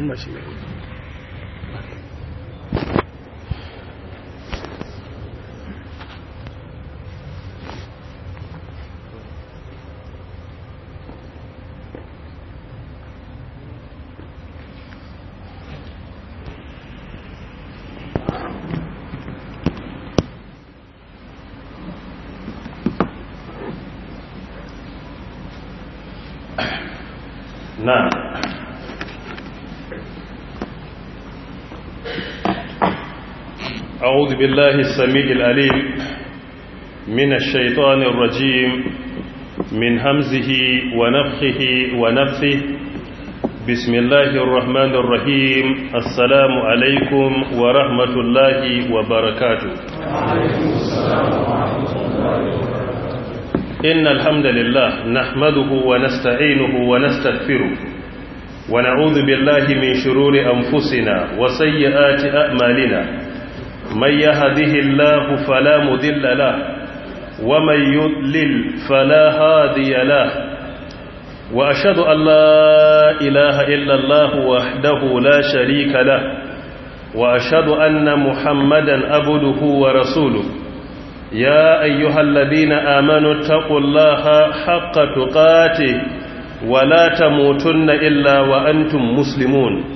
没事儿。بالله السميع العليم من الشيطان الرجيم من همزه ونفخه ونفثه بسم الله الرحمن الرحيم السلام عليكم ورحمة الله وبركاته إن الحمد لله نحمده ونستعينه ونستغفره ونعوذ بالله من شرور أنفسنا وسيئات أعمالنا من يهده الله فلا مذل له ومن يضلل فلا هادي له وأشهد أن لا إله إلا الله وحده لا شريك له وأشهد أن محمدا عبده ورسوله يا أيها الذين آمنوا اتقوا الله حق تقاته ولا تموتن إلا وأنتم مسلمون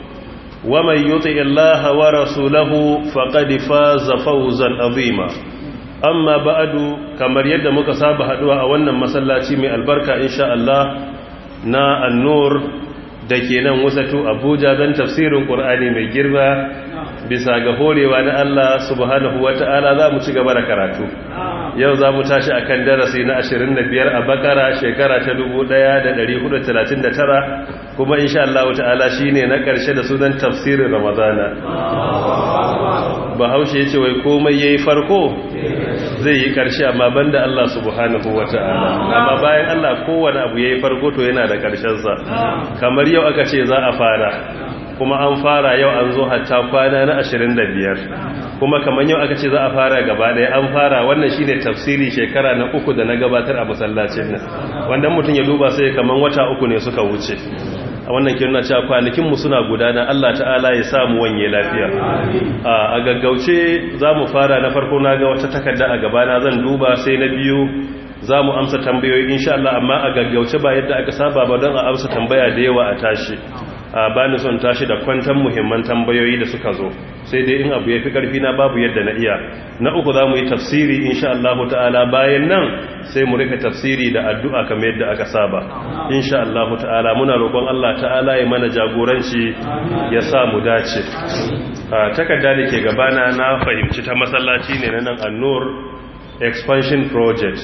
Wamai يطع الله ورسوله فقد فاز فوزا عظيما اما بعد كما muka saba haɗuwa a wannan masallaci mai albarka insha Allah na annor da dake nan wasatu Abuja don tafsirin Qur'ani mai girma bisa ga horewa na Allah subhanahu wata'ala za mu ci gaba da karatu yau za mu tashi akan darasi na 25 a bakara shekara ta 1439 kuma insha Allah ta'ala shine na karshe da sunan tafsirin ramadana bahaushe yace wai komai yayi farko zai yi karshe amma banda Allah subhanahu wata'ala amma bayan Allah kowane abu ya yi farko to yana da karshen sa kamar yau aka ce za a fara kuma an fara yau an zo hatta kwana na 25 kuma kamar yau aka ce za a fara gaba ɗaya an fara wannan shine tafsiri shekara na uku da na gabatar a masallacin nan wanda mutum ya duba sai kamar wata uku ne suka wuce a wannan kirna cewa kwanakin mu suna gudana Allah ta'ala ya sa mu wanye lafiya a gaggauce za mu fara na farko na ga wata takarda a gabana zan duba sai na biyu za mu amsa tambayoyi insha Allah amma a gaggauce ba yadda aka saba ba don a amsa tambaya da yawa a tashi ba ni son tashi da kwantan muhimman tambayoyi da suka zo sai dai in abu ya fi ƙarfi na babu yadda na iya na uku za mu yi tafsiri insha Allah ta'ala bayan nan sai mu rika tafsiri da addu'a kamar yadda aka saba insha Allah ta'ala muna roƙon Allah ta'ala ya mana jagoranci ya sa mu dace takarda da ke gabana na fahimci ta masallaci ne na nan annur expansion project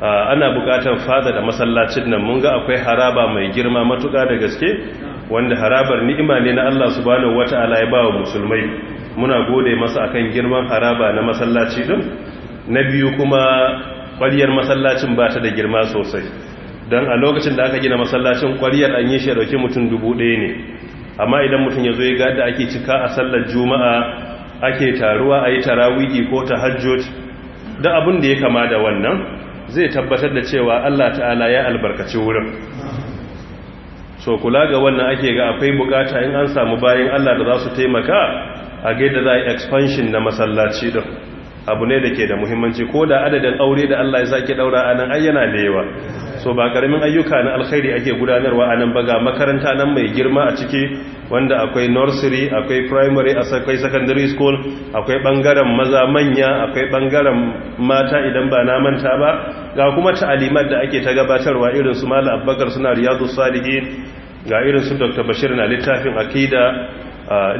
ana bukatar fada da masallacin nan mun ga akwai haraba mai girma matuƙa da gaske wanda harabar ni'ima ne na Allah subhanahu wata'ala ya bawa musulmai muna gode masa akan girman haraba na masallaci din na biyu kuma ƙwariyar masallacin ba ta da girma sosai don a lokacin da aka gina masallacin ƙwariyar an yi shi dauke mutum dubu ɗaya ne amma idan mutum ya zo ya gada ake cika a sallar juma'a ake taruwa a yi tarawihi ko ta hajjot da abin da ya kama da wannan zai tabbatar da cewa Allah ta'ala ya albarkaci wurin so kula ga wannan ake ga akwai bukata in an samu bayan Allah da za su taimaka a gaida za a expansion na masallaci din abu ne da ke da muhimmanci ko da adadin aure da Allah ya sake daura anan ayyana da yawa so ba karamin ayyuka na alkhairi ake gudanarwa anan ba ga makaranta nan mai girma a ciki wanda akwai nursery akwai primary akwai secondary school akwai bangaren maza manya akwai bangaren mata idan ba na manta ba ga kuma ta'alimat da ake ta gabatarwa irin su malam abubakar suna riyadu salihin ga irin dr bashir na littafin akida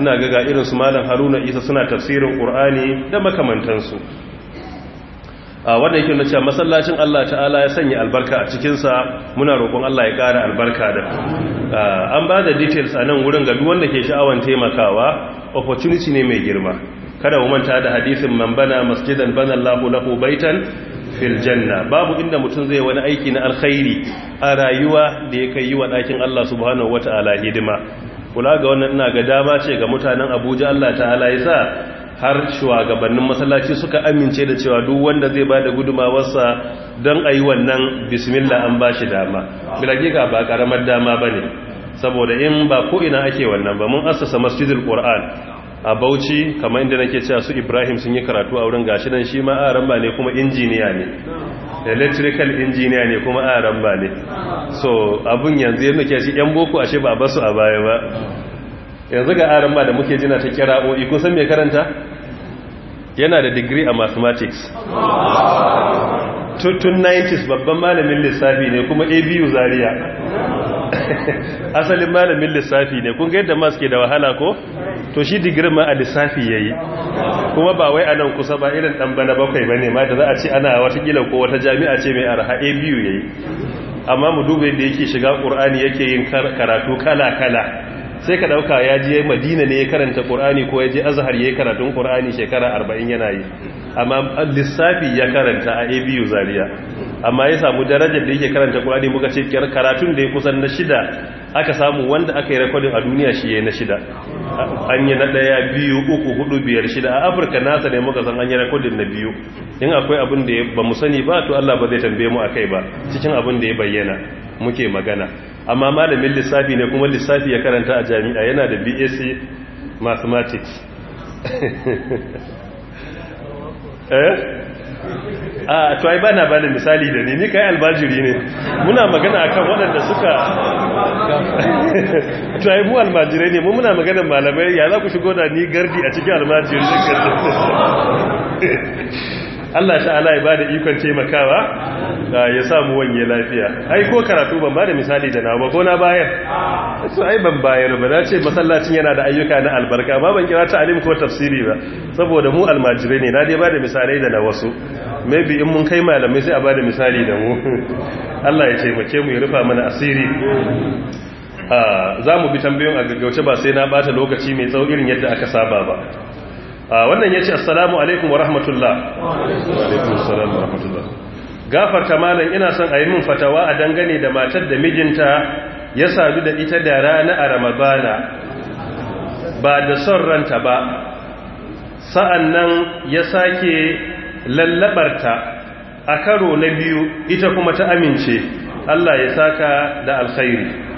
ina ga ga irin su malam haruna isa suna tafsirin qur'ani da makamantansu a wanda yake na cewa masallacin Allah ta'ala ya sanya albarka a cikin sa muna roƙon Allah ya ƙara albarka da an ba da details a nan wurin ga duk wanda ke sha'awan taimakawa opportunity ne mai girma kada mu manta da hadisin man bana masjidan bana Allahu lahu baitan fil babu inda mutum zai wani aiki na alkhairi a rayuwa da ya kai yi wa ɗakin Allah subhanahu wata'ala hidima kula ga wannan ina ga dama ce ga mutanen Abuja Allah ta'ala ya sa har shugabannin masallaci suka amince da cewa duk wanda zai ba da gudumawarsa don a yi wannan bismillah an ba shi dama bilagika ba karamar dama ba ne saboda in ba ko ina ake wannan ba mun assasa masjidul qur'an. a bauchi kamar inda nake cewa su ibrahim sun yi karatu a wurin gashi dan shi ma aramba ne kuma injiniya ne electrical engineer ne kuma aramba ne so abun yanzu yadda ke shi yan boko ashe ba basu a baya ba yanzu ga aramba da muke jina ta kira'o'i kun san me karanta yana da digiri a mathematics Tutun 90s babban malamin lissafi ne kuma abu zaria asalin malamin lissafi ne kun ga yadda mas ke da wahala ko to shi digirin ma a lissafi ya yi. kuma ba wai anan kusa ba irin dan bana bakwai bane ma da za a ce ana wata kila ko wata jami'a ce mai arha a biyu ya yi. amma mu duba yadda yake shiga qur'ani yake yin karatu kala kala sai ka dauka ya je madina ne ya karanta Kur'ani ko ya je azhar ya karatun ƙur'ani shekara 40 yana yi amma lissafi ya karanta a abu zaria amma ya samu darajar da yake karanta Qur'ani muka ce karatun da ya kusan na shida aka samu wanda aka yi recording a duniya shi yi na shida an yi na daya biyu uku hudu biyar shida a Afirka nasa ne muka san an yi recording na biyu in akwai abin da ba mu sani ba to Allah ba zai tambaye mu a kai ba cikin abin da ya bayyana muke magana amma malamin lissafi ne kuma lissafi ya karanta a jami'a yana da BSc mathematics eh? a to ba bana bani misali da ne ni kai albajiri ne muna magana akan waɗanda suka to ai mu almajirai ne mu muna magana malamai ya za ku shigo da ni gardi a cikin almajiri Allah ta'ala ya bada ikon taimakawa ya samu wanye lafiya ai ko karatu ban bada misali da nawa ko na bayar so ah. ai ban bayar ba na ce masallacin yana da ayyuka na albarka ba ban kira ta alim ko tafsiri ba saboda mu almajirai ne na dai bada misalai da na wasu maybe in mun kai malamai sai a bada misali da mu Allah ya taimake mu ya rufa mana asiri ah, za mu bi tambayoyin a gaggauce ba sai na bata lokaci mai tsawo irin yadda aka saba ba wannan yace assalamu alaikum wa rahmatullah wa rahmatullah gafarta malam ina son a yi min fatawa a dangane da matar da mijinta ya sadu da ita da rana a ramadana ba da son ranta ba sa'an nan ya sake lallabarta a karo na biyu ita kuma ta amince Allah ya saka da alkhairi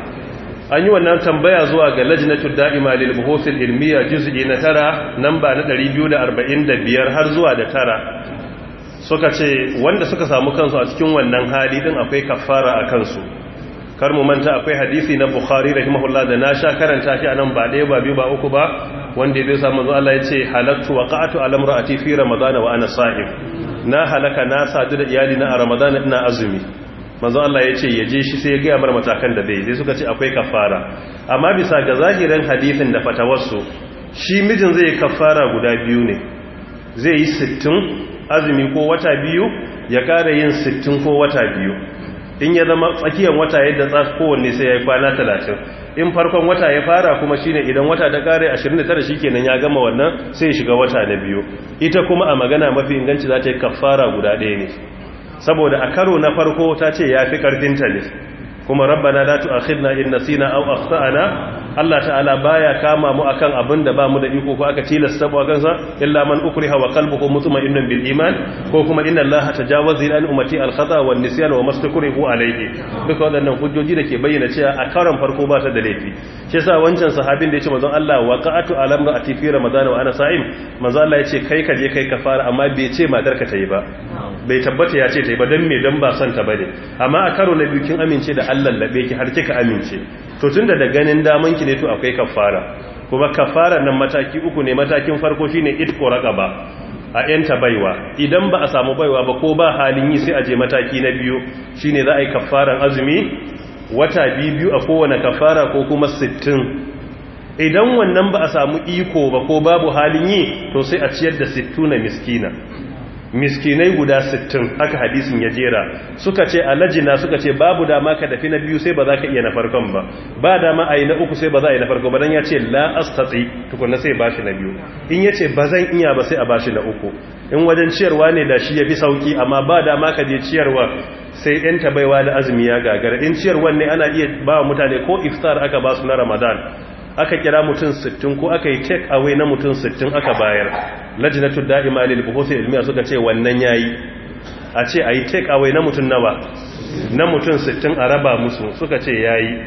an yi wannan tambaya zuwa ga lajnatul da'ima lil buhuthil ilmiya juz'i na tara namba na 245 har zuwa da tara suka ce wanda suka samu kansu a cikin wannan hali din akwai kafara a kansu kar mu manta akwai hadisi na bukhari rahimahullah da na sha karanta shi anan ba ɗaya ba biyu ba uku ba wanda ya sa manzo Allah ya ce halattu wa qa'atu ala imra'ati fi ramadana wa ana sa'im na halaka na sadu da iyali na a ramadana ina azumi manzo Allah ya ce ya je shi sai ya gaya mara matakan da zai sai suka ce akwai kafara amma bisa ga zahirin hadisin da fatawarsu shi mijin zai yi kafara guda biyu ne zai yi sittin azumi ko wata biyu ya kare yin sittin ko wata biyu in ya zama tsakiyar wata yadda tsak kowanne sai ya yi kwana talatin in farkon wata ya fara kuma shine idan wata ta kare 29 kenan ya gama wannan sai ya shiga wata na biyu ita kuma a magana mafi inganci za ta yi kafara guda ɗaya ne saboda a karo na farko ta ce ya fi ƙarfinta ne kuma rabbana la tu'akhidna in nasina aw sa'ana. Allah ta'ala baya kama mu akan abin da ba mu da iko ko aka tilasta ba kansa illa man ukriha wa qalbuhu mutma'innan bil iman ko kuma inna Allah tajawaza an ummati al khata wa nisyan wa mastakrihu alayhi duka wadannan hujjoji da ke bayyana cewa a karon farko ba ta da laifi shi yasa wancan sahabin da yace manzon Allah waqa'atu alam ra'ati fi ramadan wa ana sa'im manzon Allah yace kai ka je kai ka fara amma bai ce matar ka ta yi ba bai tabbata ya ce ta ba dan me dan ba san ta bane amma a karo na biyu kin amince da Allah labe ki har kika amince to tun da ganin daman ki ne to akwai kafara kuma kafara nan mataki uku ne matakin farko shine itqu raqaba a yanta baiwa idan ba a samu baiwa ba ko ba halin yi sai a je mataki na biyu shine za a yi kafaran azumi wata biyu a kowane kafara ko kuma sittin. idan wannan ba a samu iko ba ko babu halin yi to sai a ciyar da na miskina miskinai guda 60 aka hadisin ya jera suka ce alajina suka ce babu dama ka dafi na biyu sai ba za ka iya na farkon ba ba dama a yi na uku sai ba za a yi na farko ba don ya ce la astatsi tukuna sai ba shi na biyu in ya ce ba zan iya ba sai a ba shi na uku in wajen ciyarwa ne da shi ya fi sauki amma ba dama ka je ciyarwa sai yan tabaiwa da azumi ya gagara in ciyarwan ne ana iya ba mutane ko iftar aka ba su na ramadan aka kira mutum 60 ko aka yi take away na mutum 60 aka bayar lajinatul da'ima lil buhuthi ilmiya suka ce wannan yayi a ce ayi take away na mutum nawa na mutum 60 a raba musu suka ce yayi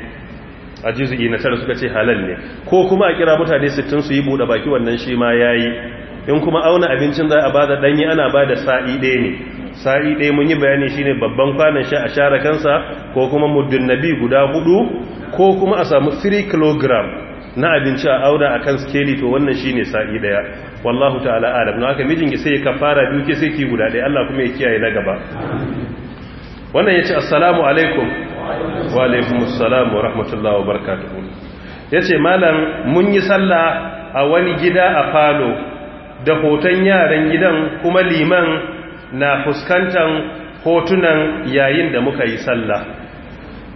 a juz'i na tara suka ce halal ne ko kuma a kira mutane 60 su yi bude baki wannan shi ma yayi in kuma auna abincin za a bada danyi ana bada sa'i ɗaya ne sa'i ɗaya mun yi bayani shine babban kwanan sha a share kansa ko kuma muddin nabi guda hudu ko kuma a samu 3 kilogram na abinci a auna a kan skeli to wannan shi ne sa'i ɗaya wallahu ta'ala alam na haka mijinki sai ya kafara duke sai ki guda ɗaya Allah kuma ya kiyaye na gaba wannan ya ce assalamu alaikum wa alaikum assalamu wa rahmatullahi wa barakatuhu ya ce malam mun yi sallah a wani gida a falo da hoton yaran gidan kuma liman na fuskantar hotunan yayin da muka yi sallah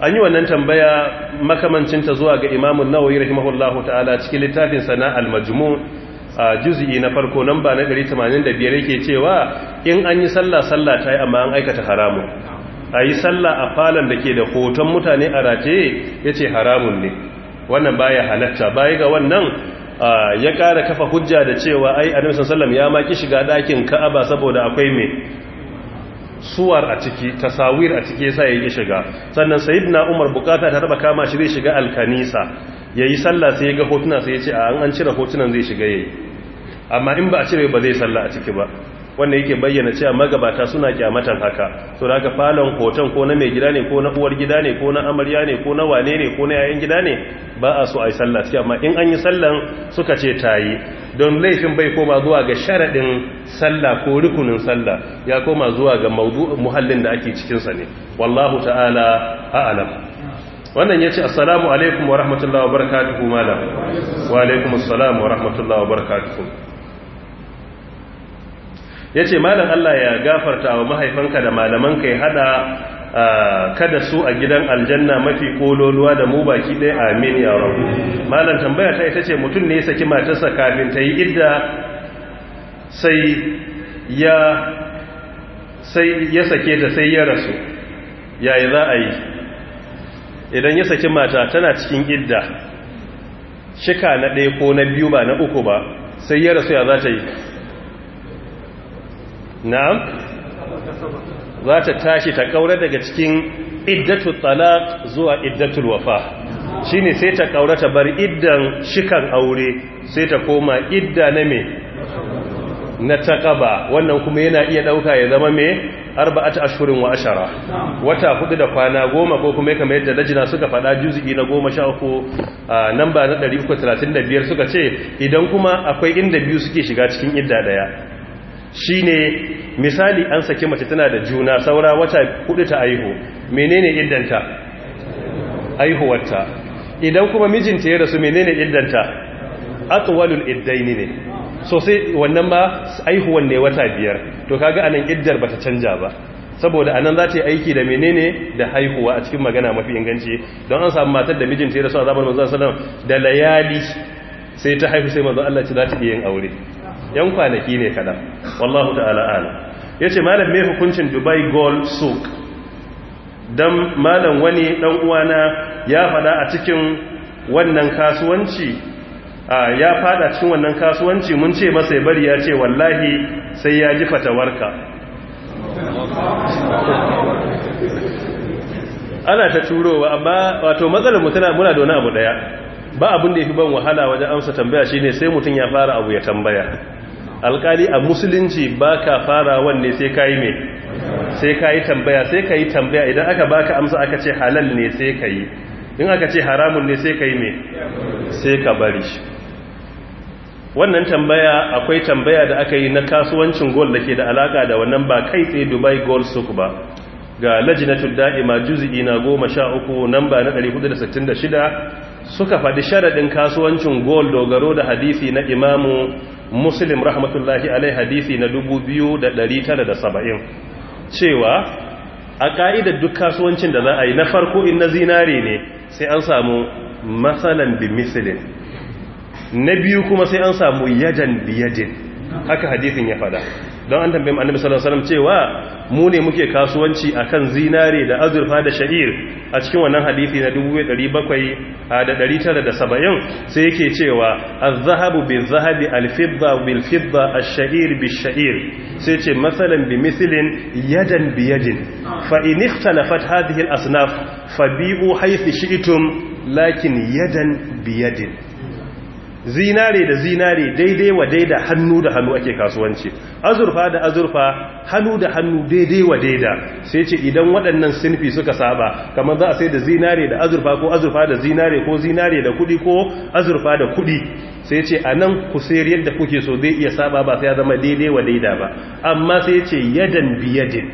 an yi wannan tambaya makamancinta zuwa ga imamun nawayi rahimahullahu ta'ala cikin littafin sana al-majmu a juz'i na farko namba na 185 yake cewa in an yi sallah sallah ta yi amma an aikata haramun a yi sallah a falon da ke da hoton mutane a rataye ya ce haramun ne wannan baya halatta baya ga wannan ya kara kafa hujja da cewa ai annabi sallallahu ya maki shiga ɗakin ka'aba saboda akwai mai suwar a ciki tasawir a ciki yasa yayi shiga sannan sayyidina Umar bukata ta raba kama shi zai shiga alkanisa yayi sallah sai ya ga hotuna sai ya ce an an cire hotunan zai shiga yayi amma in ba a cire ba zai sallah a ciki ba wanda yake bayyana cewa magabata suna kyamatan haka so da ka falon hoton ko na mai gida ne ko na uwar gida ne ko na amarya ne ko na wane ne ko na yayan gida ne ba a so a yi sallah suke amma in an yi sallan suka ce ta yi don laifin bai koma zuwa ga sharaɗin sallah ko rukunin sallah ya koma zuwa ga muhallin da ake cikinsa ne wallahu ta'ala a'alam wannan ya ce assalamu alaikum wa rahmatullahi wa barakatuhu malam wa alaikum assalam wa rahmatullahi wa barakatuhu ya ce malam Allah ya gafarta wa mahaifanka da malamanka ya hada kada su a gidan aljanna mafi kololuwa da mu baki ɗaya amin ya rabu malam tambaya ta ita ce mutum ne ya saki matarsa kafin ta yi idda sai ya sai ya sake ta sai ya rasu yayi za a yi idan ya saki mata tana cikin idda shika na ɗaya ko na biyu ba na uku ba sai ya rasu ya za ta yi na'am za ta tashi ta kaura daga cikin iddatul talaq zuwa iddatul wafa shine sai ta kaura ta bar iddan shikan aure sai ta koma idda na me na taqaba wannan kuma yana iya dauka ya zama me arba'atu ashhurin wa ashara wata hudu da kwana goma ko kuma kamar yadda lajina suka faɗa juzu'i na goma sha uku namba na 335 suka ce idan kuma akwai inda biyu suke shiga cikin idda daya Shi ne misali an saki mace tana da juna saura wata kudu ta aihu menene iddanta aihuwarta idan kuma mijinta ya rasu menene iddanta atwalul iddaini ne so wannan ma aihuwan ne wata biyar to kaga anan iddar bata canja ba saboda anan za ta yi aiki da menene da haihuwa a cikin magana mafi inganci don an samu matar da mijinta ya rasu a zaman manzon sallallahu da layali sai ta haihu sai manzon Allah ce za ta iya yin aure yan kwanaki ne kaɗan. wallahu ta'ala ala ce malam me hukuncin dubai gold souk dan malam wani dan uwana ya fada a cikin wannan kasuwanci ya fada cikin wannan kasuwanci mun ce masa ya bari ya ce wallahi sai ya ji fatawarka ana ta turowa amma wato matsalar mu tana muna da wani abu daya ba abin da ya fi ban wahala wajen amsa tambaya shine sai mutum ya fara abu ya tambaya alkali a musulunci ba ka fara wanne sai ka yi sai ka yi tambaya sai ka yi tambaya idan aka baka amsa aka ce halal ne sai ka yi in aka ce haramun ne sai ka yi mai sai ka bari wannan tambaya akwai tambaya da aka yi na kasuwancin gold da ke da alaka da wannan ba kai tsaye dubai gold suk ba ga lajinatul da'ima juz'i na goma sha uku namba na 466 suka faɗi sharaɗin kasuwancin gold dogaro da hadisi na imamu muslim rahmatullahi alai hadisi na dubu biyu da da tara saba'in cewa a ka'idar duk kasuwancin da za a yi na farko in na zinare ne sai an samu matsalan bi misilin na biyu kuma sai an samu yajan biyajin. haka hadithin ya fada don an tambayi annabi sallallahu alaihi cewa mu ne muke kasuwanci akan zinare da azurfa da sha'ir a cikin wannan hadisi na 1770 sai yake cewa az-zahabu bil-zahabi al-fidda bil-fidda ash-sha'ir bil-sha'ir sai ce masalan bi mislin yadan bi yadin fa in ikhtalafat hadhihi al-asnaf fabi'u haythu shi'tum lakin yadan bi yadin zinare da zinare daidai wa daida hannu da hannu ake kasuwanci azurfa da azurfa hannu da hannu daidai wa daida sai ce idan waɗannan sinfi suka saba kamar za a sai da zinare da azurfa ko azurfa da zinare ko zinare da kuɗi ko azurfa da kuɗi sai ce a nan ku sayar yadda kuke so zai iya saba ba sai ya zama daidai wa daida ba amma sai ce yadan biyadin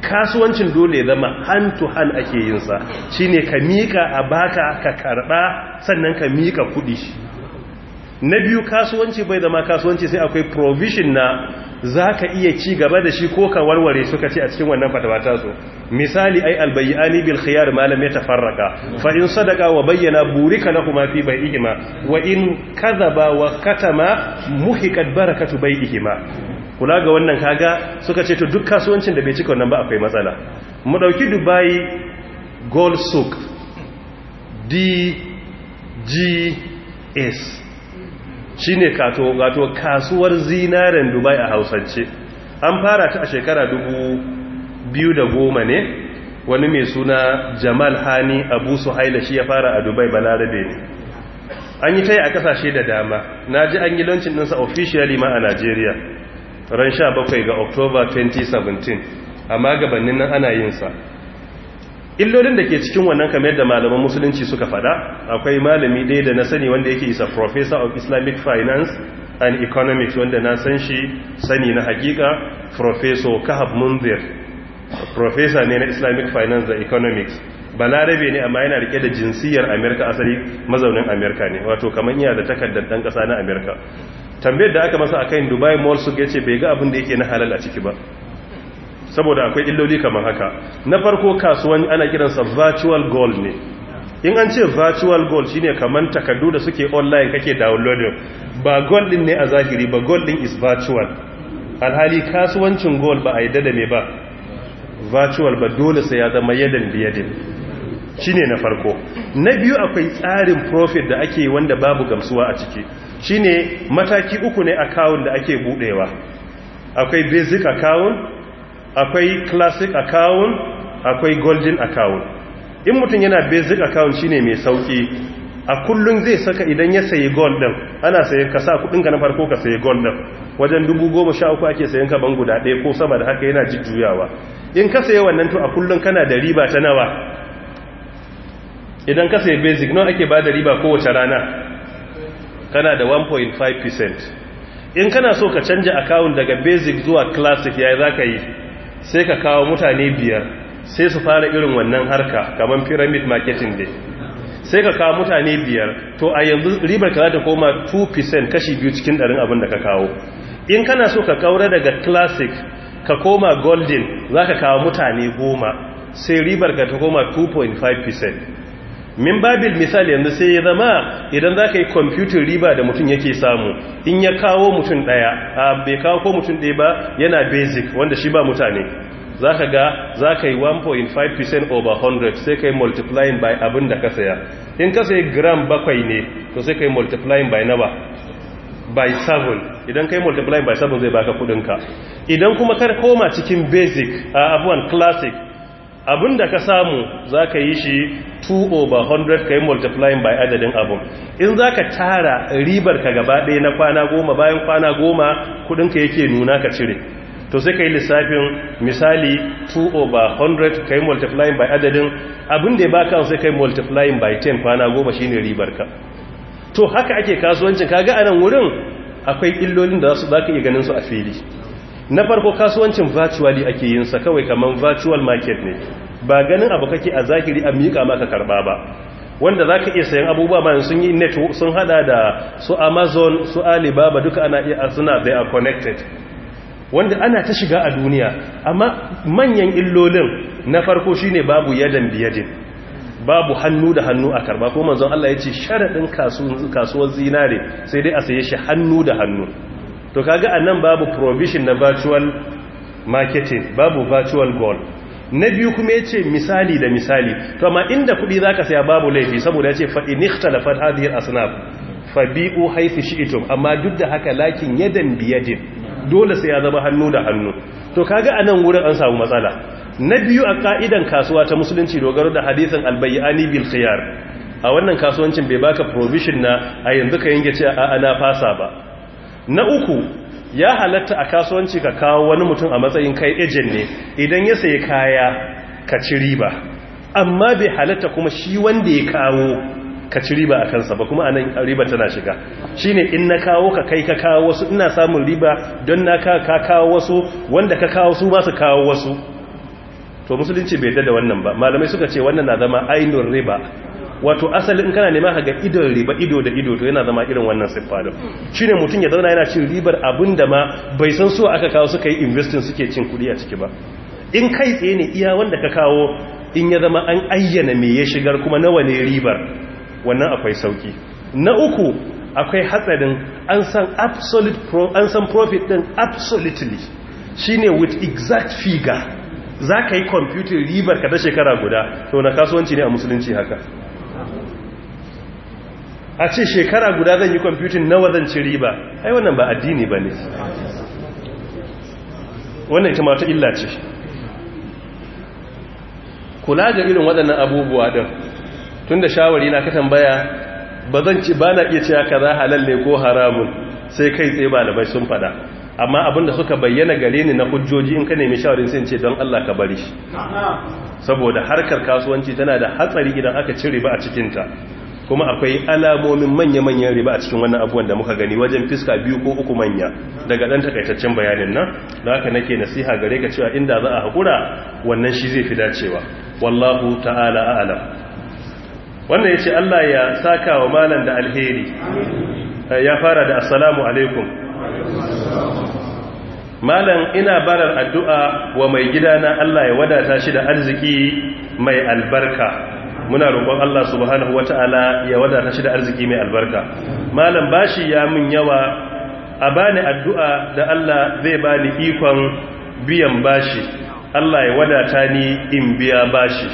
kasuwancin dole zama hand to hand ake yinsa shine ka miƙa a baka ka karɓa sannan ka miƙa kuɗi na biyu kasuwanci bai zama kasuwanci sai akwai provision na za ka iya ci gaba da shi ko ka warware suka ce a cikin wannan fatawa su. misali ai albayyani bil khiyar malam ya tafarraka fa in sadaka wa bayyana burika lahuma fi bai'ihima wa in kadhaba wa katama muhikat barakatu bai'ihima kula ga wannan kaga suka ce to duk kasuwancin da bai cika wannan ba akwai matsala mu dauki dubai gold souk d g s Shi ne wato kasuwar zinaren dubai a hausance an fara ta a shekara dubu biyu da goma ne wani mai suna jamal hani abu suhaila shi ya fara a dubai balarabe ne an yi ta yi a kasashe da dama na ji an yi lancin ɗinsa officially ma a nigeria ran 17 ga october 2017 amma gabanin nan ana yinsa illolin da ke cikin wannan kamar da malaman musulunci suka fada akwai malami ɗaya da na sani wanda yake isa professor of islamic finance and economics wanda na san shi sani na hakika professor kahab munzir professor ne na islamic finance and economics balarabe ne amma yana rike da jinsiyar amerika asali mazaunin amerika ne wato kamar iya da takardar dan kasa na amerika tambayar da aka masa akan dubai mall su ga ce bai ga abin da yake na halal a ciki ba saboda akwai illoli kamar haka na farko kasuwanci ana kiransa virtual gold ne in an ce virtual gold shine kamar takardu da suke online kake downloading ba gold din ne a zahiri ba gold din is virtual alhali kasuwancin gold ba a yi da ne ba virtual ba dole sai ya zama yadan biyadin shine na farko na biyu akwai tsarin profit da ake wanda babu gamsuwa a ciki shine mataki uku ne account da ake budewa akwai basic account akwai classic account akwai golden account in mutum yana basic account shine mai sauki a kullum zai saka idan ya sayi gold din ana saye ka sa kudin na farko ka sayi gold din wajen 13 ake sayan ka ban guda ɗaya ko sama da haka yana jujjuyawa in ka saye wannan to a kullum kana da riba ta nawa idan ka sayi basic nawa ake ba da riba kowace rana kana da 1.5% in kana so ka canja account daga basic zuwa classic yayi za ka yi sai ka kawo mutane biyar sai su fara irin wannan harka kamar pyramid marketing dai sai ka kawo mutane biyar to a yanzu ribar ka za ta koma 2% kashi biyu cikin ɗarin abin da ka kawo in kana so ka kaura daga classic ka koma golden za ka kawo mutane goma sai ribar ka ta koma 2.5% min babil misali yanzu sai ya zama idan za ka yi kwamfutar riba da mutum yake samu in ya kawo mutum daya a bai kawo ko mutum daya ba yana basic wanda shi ba mutane za ka ga za ka yi 1.5% over 100 sai ka yi multiplying by abin da ka saya in ka sayi gram bakwai ne to sai ka yi multiplying by nawa by 7 idan kai multiplying by 7 zai baka kudinka idan kuma kar koma cikin basic a abuwan classic abin da ka samu za ka yi shi 2 over 100 ka yi multiplying by adadin abu. in za ka tara ribar ka gaba ɗaya na kwana goma bayan kwana goma kudinka yake nuna ka cire to sai ka yi lissafin misali 2 over 100 ka yi multiplying by adadin abin da ya ba baka sai ka yi multiplying by 10 kwana goma shi ne ka, to haka ake kasuwancin ka ga anan wurin akwai illolin da za ka iya ganin su a fili na farko kasuwancin virtually ake yin sa kawai kaman virtual market ne ba ganin abu kake a zahiri a miƙa maka karba ba wanda za ka iya sayan abubuwa bayan sun yi network sun hada da su amazon su alibaba duka ana iya suna they are connected wanda ana ta shiga a duniya amma manyan illolin na farko shine babu yadan biyadin babu hannu da hannu a karba ko manzon Allah ya ce sharadin kasuwar zinare sai dai a saye shi hannu da hannu to kaga a nan babu provision na virtual marketing babu virtual goal na biyu kuma ya misali da misali to amma inda kudi za ka saya babu laifi saboda ya ce faɗi fa'inikta da fadhadiyar asnaf fabi'u haifi ito amma duk da haka lakin yadan biyadin dole sai ya zama hannu da hannu to kaga a nan wurin an samu matsala na biyu a ka'idan kasuwa ta musulunci dogaro da hadisin albayyani bil khiyar a wannan kasuwancin bai baka provision na a yanzu ka yanke ce a ana fasa ba na uku ya halatta a kasuwanci ka kawo wani mutum a matsayin kai ejen ne idan ya sayi kaya ka ci riba amma bai halatta kuma shi wanda ya kawo ka ci riba a kansa ba kuma anan riba tana shiga Shi ne in na kawo ka kai ka kawo wasu ina samun riba don na ka kawo wasu wanda ka kawo su ba su kawo wasu to musulunci bai da wannan ba malamai suka ce wannan na zama ainihin riba wato asali in kana nema ga idon riba ido da ido to yana zama irin wannan siffa da ne mutum ya zauna yana cin ribar abin da ma bai san so aka kawo suka yi investing suke cin kuɗi a ciki ba in kai tsaye ne iya wanda ka kawo in ya zama an ayyana me ya shigar kuma nawa ne ribar wannan akwai sauki na uku akwai hatsarin an san absolute an san profit din absolutely shine with exact figure za ka yi kwamfutin ribar ka ta shekara guda to na kasuwanci ne a musulunci haka a ce shekara guda zan yi kwamfutin nawa zan ci riba ai wannan ba addini ba ne wannan ita mata illa ce kula da irin waɗannan abubuwa ɗin tun da shawari na ka tambaya ba zan ci ba na iya cewa kaza halal ne ko haramun sai kai tsaye malamai sun faɗa amma abin da suka bayyana gare ni na hujjoji in ka nemi shawarin sai ce don Allah ka bari shi saboda harkar kasuwanci tana da hatsari idan aka ci ba a cikinta kuma akwai alamomin manya-manyan riba a cikin wannan abuwan da muka gani wajen fiska biyu ko uku manya daga ɗan takaitaccen bayanin nan da haka nake nasiha gare ka cewa inda za a haƙura wannan shi zai fi dacewa wallahu ta'ala a'lam wannan ya ce Allah ya saka wa malam da alheri eh, ya fara da assalamu alaikum malam ina barar addu'a wa mai gidana Allah ya wadata shi da arziki mai albarka muna roƙon Allah subhanahu wata'ala ya wadata shi da arziki mai albarka malam bashi ya mun yawa a bani addu'a da Allah zai bani ikon biyan bashi Allah ya wadata ni in biya bashi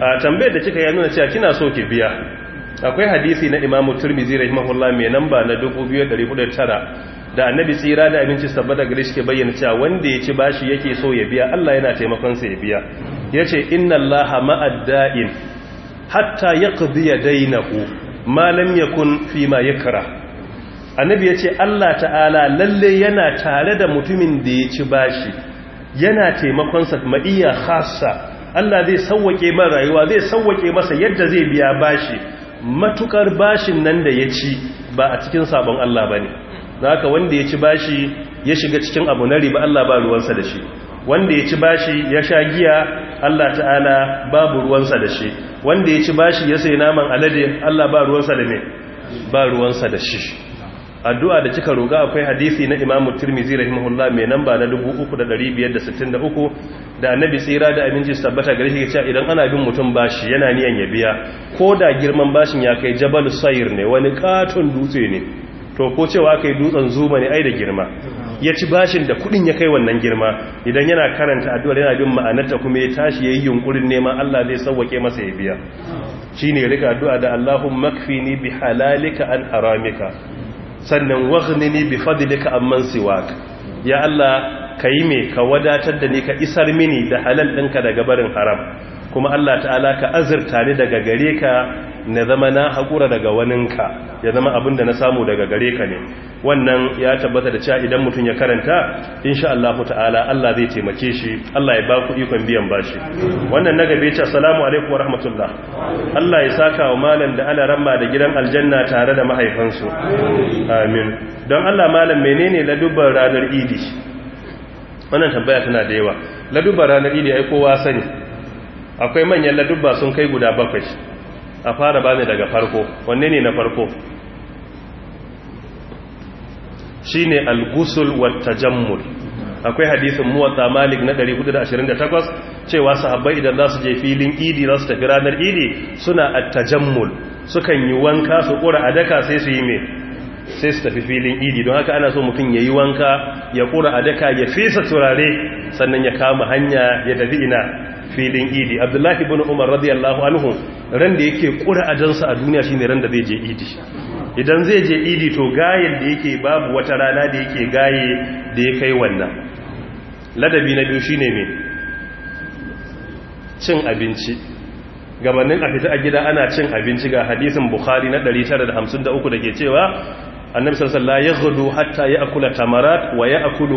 a tambayar da kika ya nuna cewa kina so ki biya akwai hadisi na Imam Tirmidhi rahimahullah mai namba na 2409 da annabi tsira da abinci sabba da gari shi bayyana cewa wanda ya ci bashi yake so ya biya Allah yana taimakon sa ya biya yace inna allaha ma'adda'in. hatta daina ku ma lam yakun fi ma yakra annabi ce, Allah ta'ala lalle yana tare da mutumin da ya ci bashi yana taimakon sa ma'iya hasa. Allah zai sauwake ma rayuwa zai sauwake masa yadda zai biya bashi matukar bashin nan da ya ci ba a cikin sabon Allah ba ne haka wanda ya ci bashi ya shiga cikin abu na riba Allah ba ruwansa da shi wanda ya ci bashi ya sha giya Allah ta'ala babu ruwansa da shi wanda ya ci bashi ya sai naman alade Allah ba ruwansa da me ba ruwansa da shi addu'a da kika roga akwai hadisi na Imam Tirmidhi rahimahullah mai namba na 3563 da Annabi tsira da aminci tabbata gare shi cewa idan ana bin mutum bashi yana niyan ya biya ko da girman bashin ya kai Jabal Sayr ne wani katon dutse ne to ko cewa kai dutsen zuma ne ai da girma ya ci bashin da kudin ya kai wannan girma idan yana karanta addu'a yana bin ma'anarta kuma ya tashi yi yunkurin neman Allah zai sauwake masa ya biya shine rika addu'a da Allahumma kfini bi halalika an haramika sannan waghnini bi fadlika amman siwak ya Allah yi me ka wadatar da ni ka isar mini da halal ɗinka daga barin haram kuma Allah ta'ala ka azurta ni daga gare ka na zama na haƙura daga waninka ya zama abin da na samu daga gare ka ne wannan ya tabbata da cewa idan mutum ya karanta insha Allah ta'ala Allah zai taimake shi Allah ya ba ku ikon biyan bashi wannan na gabe ce assalamu alaikum warahmatullah Allah ya saka wa malam da ramma da gidan aljanna tare da mahaifansu amin don Allah malam menene ladubar ranar idi wannan tambaya tana da yawa ladubar ranar idi ai kowa sani akwai manyan ladubba sun kai guda bakwai a fara bani daga farko wanne ne na farko Shi ne al gusul wa tajammul akwai hadisin muwatta malik na 428 cewa sahabbai idan za su je filin idi za su tafi ranar idi suna a tajammul sukan yi wanka su kura daka sai su yi sai su tafi filin idi don haka ana so mutum ya yi wanka ya kura daka ya fesa turare sannan ya kama hanya ya tafi ina filin idi abdullahi bin umar radiyallahu anhu ran da yake kura a jansa a duniya shine ran da zai je idi idan zai je idi to gayen da yake babu wata rana da yake gaye da ya kai wannan ladabi na biyu shine me cin abinci gabanin a fita a gida ana cin abinci ga hadisin bukhari na 953 da ke cewa annabi sallallahu alaihi wasallam yaghdu hatta ya'kula tamarat wa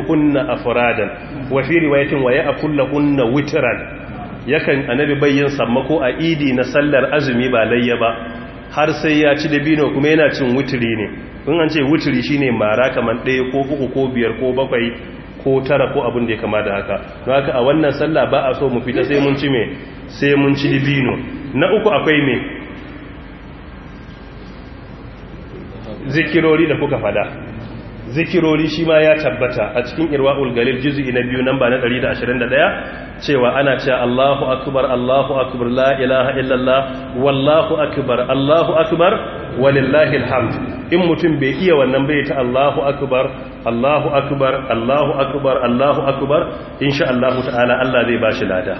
kunna afradan wa fi riwayatin wa kunna witran yakan annabi bayyin sammako a idi na sallar azumi ba layya ba har sai ya ci dabino kuma yana cin wuturi ne in an ce wuturi shine mara kaman ɗaya ko uku ko biyar ko bakwai ko tara ko abin da ya kama da haka don haka a wannan sallah ba a so mu fita sai mun ci me sai mun ci dabino na uku akwai me zikirori da kuka fada zikirori shi ma ya tabbata a cikin irwa'ul galil juz'i na biyu namba na 121 cewa ana cewa Allahu akbar Allahu akbar la ilaha illallah wallahu akbar Allahu akbar walillahi alhamd in mutum bai iya wannan bai ta Allahu akbar Allahu akbar Allahu akbar Allahu akbar insha Allahu ta'ala Allah zai bashi lada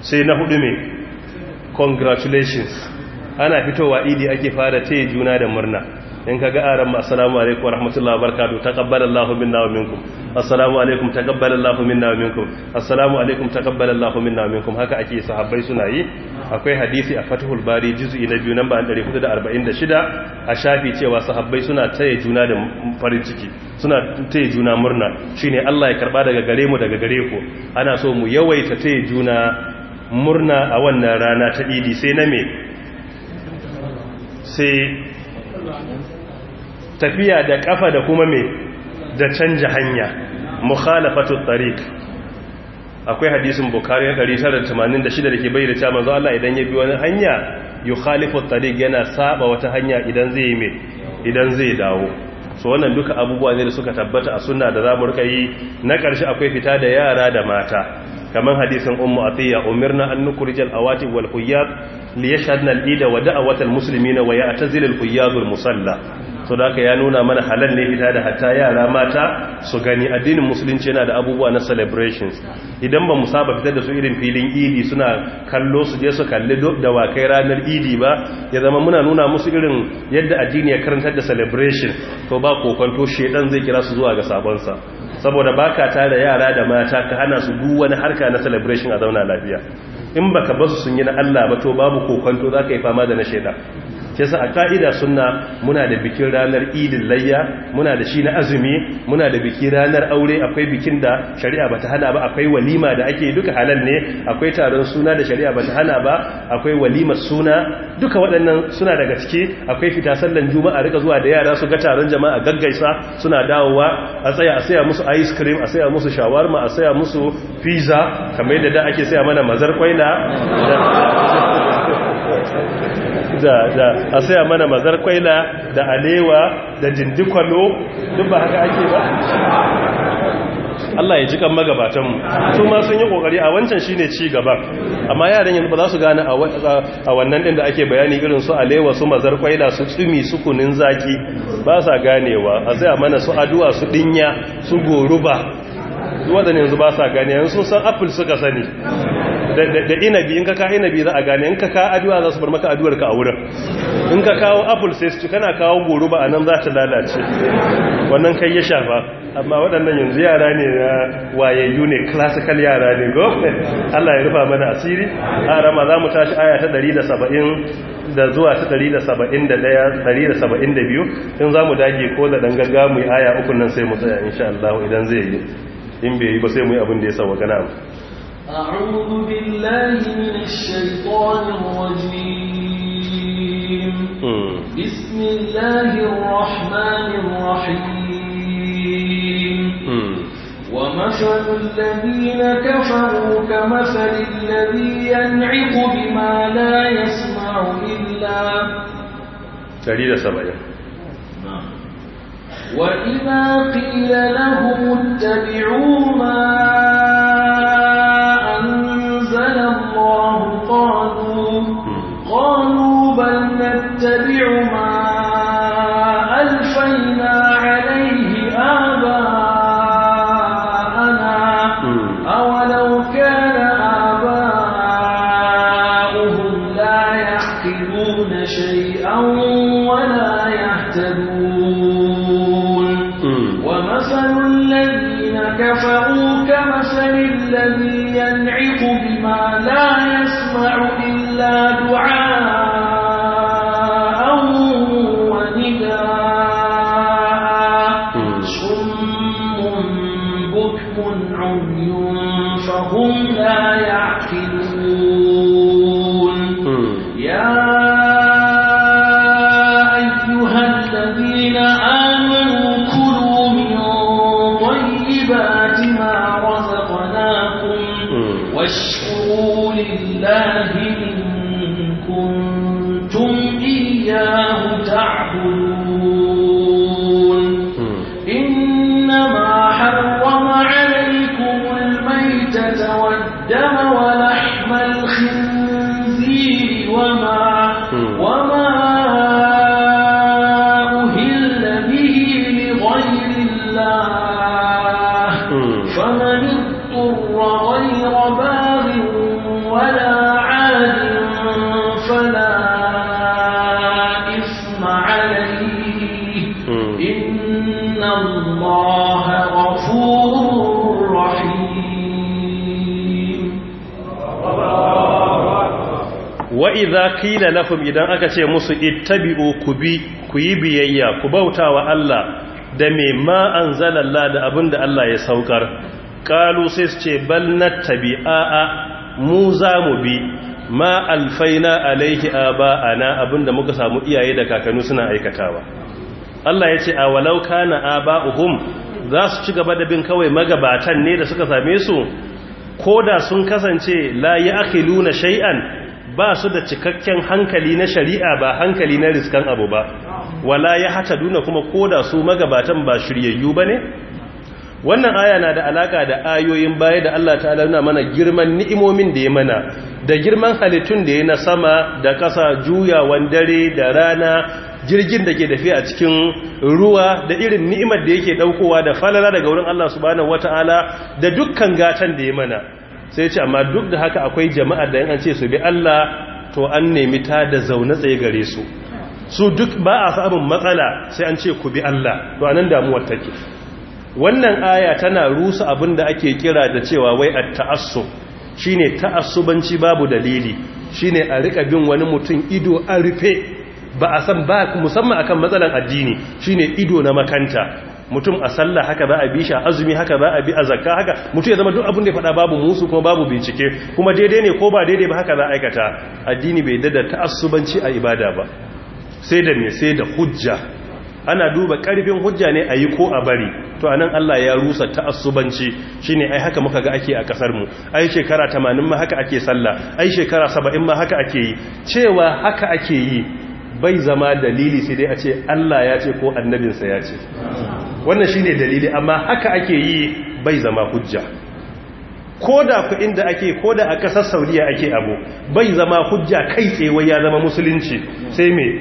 sai na hudu me congratulations ana fitowa idi ake fara taya juna da murna in ka ga aran assalamu alaikum wa rahmatullahi wa barakatuh taqabbalallahu minna wa minkum assalamu alaikum taqabbalallahu minna wa minkum assalamu alaikum taqabbalallahu minna wa minkum haka ake sahabbai suna yi akwai hadisi a Fathul Bari juz'i na biyu namba 446 a shafi cewa sahabbai suna taya juna da farin ciki suna taya juna murna shine Allah ya karba daga gare mu daga gare ku ana so mu yawaita taya juna murna a wannan rana ta idi sai na me sai tafiya da kafa da kuma me da canja hanya mukhalafatu tariq akwai hadisin bukari na 186 da ke bayyana cewa manzo Allah idan ya bi wani hanya yukhalifu tariq yana saba wata hanya idan zai idan zai dawo so wannan duka abubuwa ne da suka tabbata a sunna da zamu rika yi na ƙarshe akwai fita da yara da mata kamar hadisin ummu atiya umirna an nukrijal awati wal quyat li na al ida wa da'awat al muslimina wa ya'tazil al quyat al musalla so da ya nuna mana halal ne fita da hatta yara mata su gani addinin musulunci yana da abubuwa na celebrations idan ba mu saba fitar da su irin filin idi suna kallo su je su kalli dawakai ranar idi ba ya zama muna nuna musu irin yadda addini ya karantar da celebration to ba kokonto shedan zai kira su zuwa ga sabonsa saboda baka tare yara da mata ka hana su duk wani harka na celebration a zauna lafiya in baka basu sun yi na Allah ba to babu kokonto zaka yi fama da na sheda shi yasa a ka'ida suna muna da bikin ranar idin layya muna da shi na azumi muna da bikin ranar aure akwai bikin da shari'a bata hana ba akwai walima da ake duka halal ne akwai taron suna da shari'a bata hana ba akwai walima suna duka waɗannan suna daga ciki akwai fita sallan juma'a rika zuwa da yara su ga taron jama'a gaggaisa suna dawowa a tsaya a saya musu ice cream a saya musu shawarma a saya musu pizza kamar yadda da ake saya mana mazar kwaina da a saya mana mazar kwaila da alewa da jindikwalo duk ba haka ake ba Allah ya ji kan magabatanmu su ma sun yi kokari a wancan shine ci gaba amma yaran yanzu ba za su gane a wannan din da ake bayani irin su alewa su mazar kwaila su tsumi su kunin zaki ba sa ganewa a saya mana su aduwa su dinya su goruba waɗanda yanzu ba sa gane yanzu sun san apple suka sani da inabi in ka ka inabi za a gane in ka ka aduwa za su bar maka aduwar ka a wurin in ka kawo apple sai su ci kana kawo goro ba a nan za ta lalace wannan kai ya shafa amma waɗannan yanzu yara ne na wayayyu ne classical yara ne go Allah ya rufa mana asiri a rama za mu tashi aya ta 170 da zuwa ta 171 172 in za mu dage ko da ɗan yi aya uku nan sai mu tsaya insha Allah idan zai yi in bai yi ba sai mu yi abin da ya sa magana أعوذ بالله من الشيطان الرجيم بسم الله الرحمن الرحيم ومثل الذين كفروا كمثل الذي ينعق بما لا يسمع إلا 170 وإذا قيل لهم اتبعوا ما أنزل الله قالوا قالوا بل نتبع ما idza qila lahum idan aka ce musu ittabi'u ku bi ku yi biyayya ku bauta wa Allah da me ma zalalla da abinda Allah ya saukar qalu sai su ce bal nattabi'a mu za mu bi ma alfaina alaihi abin abinda muka samu iyaye da kakanni suna aikatawa Allah ya ce a walau kana aba'uhum za su ci gaba da bin kawai magabatan ne da suka same su ko da sun kasance la ya'qiluna shai'an. ba su da cikakken hankali na shari'a ba hankali na riskan abu ba wala ya hata duna kuma koda su magabatan ba shiryayyu ba ne wannan aya na da alaka da ayoyin baya da Allah ta'ala yana mana girman ni'imomin da ya mana da girman halittun da ya na sama da kasa juyawan dare da rana jirgin da ke dafi a cikin ruwa da irin ni'imar da yake daukowa da falala daga wurin Allah subhanahu wataala da dukkan gatan da ya mana sai ce amma duk da haka akwai jama'a da yan ce su bi Allah to an nemi ta da zaune tsaye gare su su duk ba a samun matsala sai an ce ku bi Allah to anan damuwar take wannan aya tana rusa abin da ake kira da cewa wai at-ta'assub shine ta'assubanci babu dalili shine a rika bin wani mutum ido a rufe ba a san ba musamman akan matsalan addini shine ido na makanta mutum a sallah haka ba a bi shi azumi haka ba a bi a zakka haka mutum ya zama duk abin da ya faɗa babu musu kuma babu bincike kuma daidai ne ko ba daidai ba haka za a aikata addini bai dada ta'assubanci a ibada ba sai da me sai da hujja ana duba karfin hujja ne a yi ko a bari to anan Allah ya rusa ta'assubanci shine ai haka muka ga ake a kasar mu ai shekara 80 ma haka ake sallah ai shekara 70 ma haka ake yi cewa haka ake yi bai zama dalili sai dai a ce Allah ya ce ko annabinsa ya ce wannan shi ne dalili amma haka ake yi bai zama hujja ko da ku inda ake ko da a ƙasar saudiya ake abu bai zama hujja kai tsewai ya zama musulunci sai me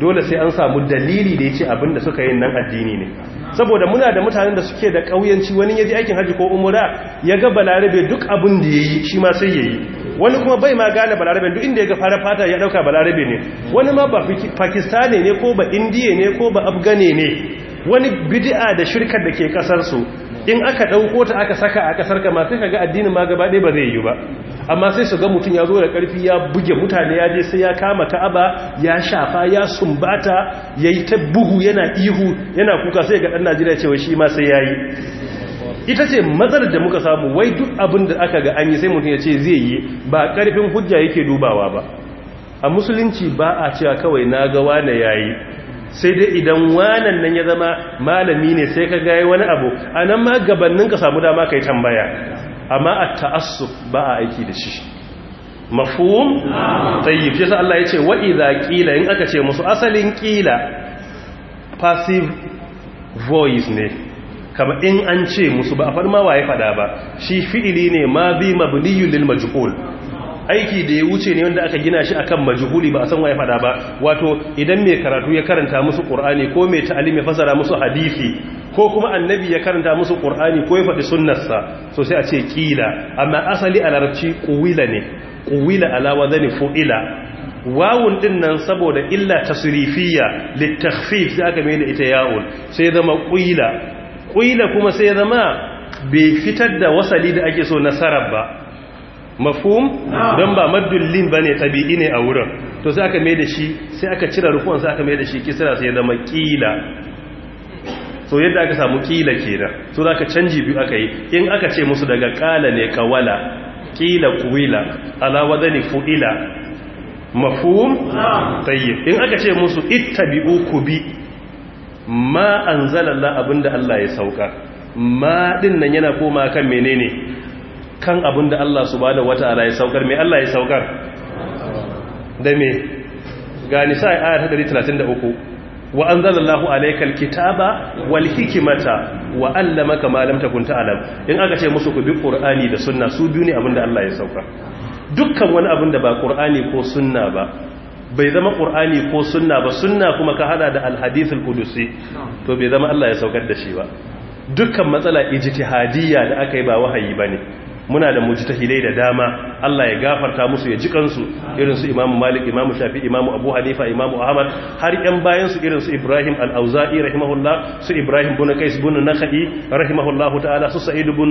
dole sai an samu dalili da ya ce abin da suka yi nan addini ne saboda muna da mutanen da suke da ƙauyanci wani ya ji aikin hajji ko umura ya ga balarabe duk abin da ya yi shi ma sai ya yi wani kuma bai ma gane balarabe duk inda ya ga fara fata ya ɗauka balarabe ne wani ma ba pakistani ne ko ba indiya ne ko ba afghani ne wani bidi'a da shirkar da ke kasar in aka dauko ta aka saka a kasar ka masu kaga addinin ma gaba ɗaya ba zai yi ba amma sai su ga mutum ya zo da karfi ya buge mutane ya je sai ya kama ka'aba ya shafa ya sumbata ya yi ta buhu yana ihu yana kuka sai ga ɗan Najeriya cewa shi ma sai ya yi. ita ce matsalar da muka samu wai duk abin da aka ga an yi sai mutum ya ce zai yi ba karfin hujja yake dubawa ba a musulunci ba a cewa kawai na ga wane yayi sai dai idan wanan nan ya zama malami ne sai ka gaya wani abu a nan ma gabannin ka samu dama ka yi tambaya amma a ta'assuf ba a aiki da shi mafhum tayyib yasa Allah ya ce wa idza ƙila in aka ce musu asalin ƙila passive voice ne kama in an ce musu ba a faɗi farma waye faɗa ba shi fi'ili ne ma bi mabniyun lil majhul aiki da ya wuce ne wanda aka gina shi akan majhuli ba a san waye fada ba wato idan mai karatu ya karanta musu qur'ani ko mai ta'alim ya fasara musu hadisi ko kuma annabi ya karanta musu qur'ani ko ya faɗi sunnarsa so sai a ce qila amma asali alarabci quwila ne quwila ala wadani fu'ila wawun din nan saboda illa tasrifiyya litakhfif sai aka mai da ita ya'un sai zama quila quila kuma sai zama bai fitar da wasali da ake so nasara ba mafum ah. don ba madullin ba ne tabi'i ne a wurin to sai aka mai da shi sai aka cire rufuwan sai aka mai da shi kisira sai zama kila so yadda aka samu kila kenan so ka canji biyu aka yi in aka ce musu daga kala ne kawala kila kuwila ala wadani fu'ila mafhum ah. tayyib in aka ce musu ittabi'u kubi ma abin abinda Allah ya sauka ma nan yana koma kan menene kan abin da Allah subhanahu wata'ala ya saukar me Allah ya saukar da me ga nisa aya ta 133 wa anzalallahu alaikal kitaba wal hikimata, wa allamaka malam ta takun in aka ce musu ku bi qur'ani da sunna su biyu ne abin da Allah ya saukar dukkan wani abin da ba ƙur'ani ko sunna ba bai zama ƙur'ani ko sunna ba sunna kuma ka hada da alhadithul kudusi to bai zama Allah ya saukar da shi ba dukkan matsala ijtihadiyya da aka yi ba wahayi bane muna da mujtahidai da dama Allah ya gafarta musu ya jikan su irin su Imam Malik Imam Shafi Imam Abu Hanifa Imam Ahmad har yan bayan su irin su Ibrahim Al-Auza'i rahimahullah su Ibrahim bin Qais bin Nakhai rahimahullahu ta'ala su Sa'id bin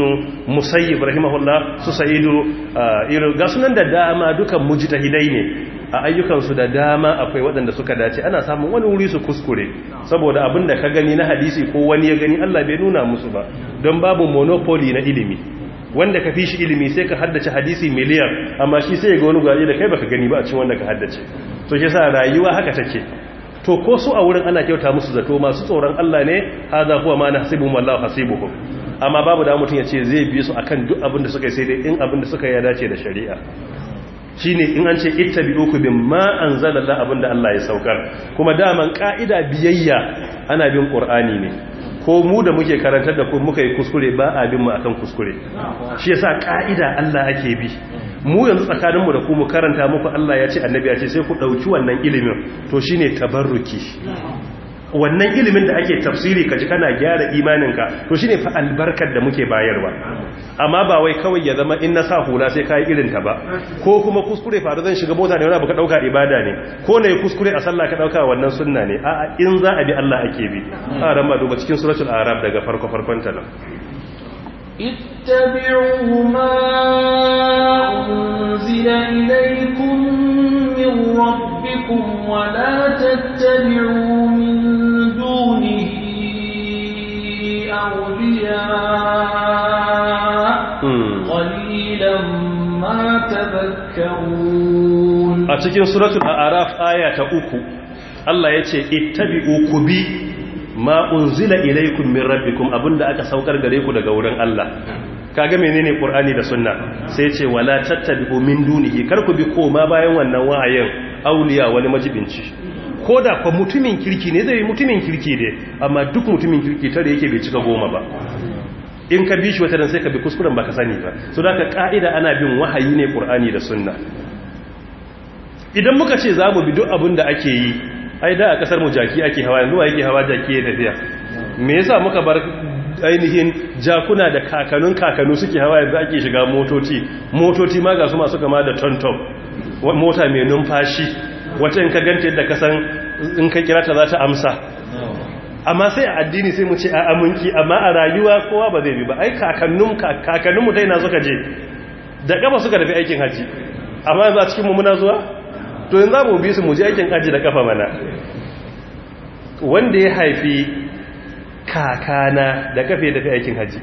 Musayyib rahimahullah su Sa'id uh, irin gasunan da dama dukan mujtahidai ne a ayyukansu da dama akwai waɗanda suka dace ana samun wani wuri su kuskure saboda abin da ka gani na hadisi ko wani ya gani Allah bai nuna musu ba don babu monopoly na ilimi wanda ka fi shi ilimi sai ka haddace hadisi miliyan amma shi sai ga wani gwaje da kai baka gani ba a cikin wanda ka haddace to shi yasa rayuwa haka take to ko su a wurin ana kyauta musu zato masu tsoron Allah ne hadha huwa ma nahsibuhum wallahu hasibuhum amma babu da mutum ya ce zai bi su akan duk abin da suka yi sai dai in abin da suka yi ya dace da shari'a shine in an ce bi ma an bimma abin da Allah ya saukar kuma daman ka'ida biyayya ana bin qur'ani ne ko mu da muke karantar da ku muka yi kuskure ba a abin mu akan kuskure shi yasa ka'ida Allah ake bi mu yanzu tsakanin mu da ku mu karanta muku Allah ya ce annabi ya ce sai ku dauki wannan ilimin to shine tabarruki wannan ilimin da ake tafsiri ka ji kana gyara imaninka to shine fa albarkar da muke bayarwa amma ba wai kawai ya zama in na sa hula sai kai irin ta ba ko kuma kuskure faru zan shiga mota ne wani abu ka dauka ibada ne ko ne kuskure a sallah ka dauka wannan sunna ne a'a in za a bi Allah ake bi a ran ma duba cikin suratul arab daga farko farkon ta nan ittabi'u ma unzila ilaykum min ربكم ولا تتبعوا من دونه أولياء hmm. قليلا ما تذكرون أتكين سورة الأعراف آية أكو الله يتي اتبعوا ma unzila ilaikum min rabbikum abinda aka saukar gare ku daga wurin Allah kaga menene Ƙur'ani da sunna sai ce wala tattabi'u min dunihi kar ku bi koma bayan wannan wa'ayin auliya wani majibinci ko da kwa mutumin kirki ne zai mutumin kirki ne amma duk mutumin kirki tare yake bai cika goma ba in ka bi shi wata sai ka bi kuskuren baka sani ba so da ka ka'ida ana bin wahayi ne qur'ani da sunna idan muka ce za mu bi duk abin da ake yi ai da a kasar mu jaki ake hawa yanzu ake hawa jaki ya tafiya me yasa muka bar ainihin jakuna da kakanun kakanu suke hawa yanzu ake shiga motoci motoci ma ga su masu kama da tontom mota mai numfashi wata in ka ganta yadda kasan in ka kira ta za ta amsa amma sai a addini sai mu ce a aminki amma a rayuwa kowa ba zai bi ba ai kakannun kakannun mu na suka je da kafa suka tafi aikin haji amma yanzu a cikin mu muna zuwa to yanzu za mu bi su mu je aikin haji da kafa mana wanda ya haifi kakana da kafe ya tafi aikin haji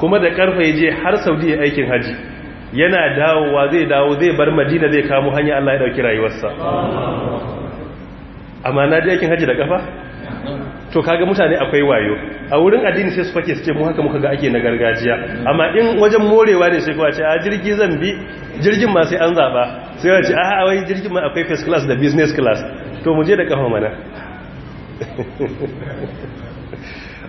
kuma da karfe ya je har saudi ya aikin haji yana dawowa zai dawo zai bar madina zai kamo hanya Allah ya dauki rayuwarsa amma na je yakin haji da kafa to kaga mutane akwai wayo a wurin addini sai su fake su ce mu haka muka ga ake na gargajiya amma in wajen morewa ne sai kuwa ce a ah, jirgi zan bi jirgin ma sai an zaba sai ya ce a ah, ah, wai jirgin ma akwai first class da business class to mu je da kafa mana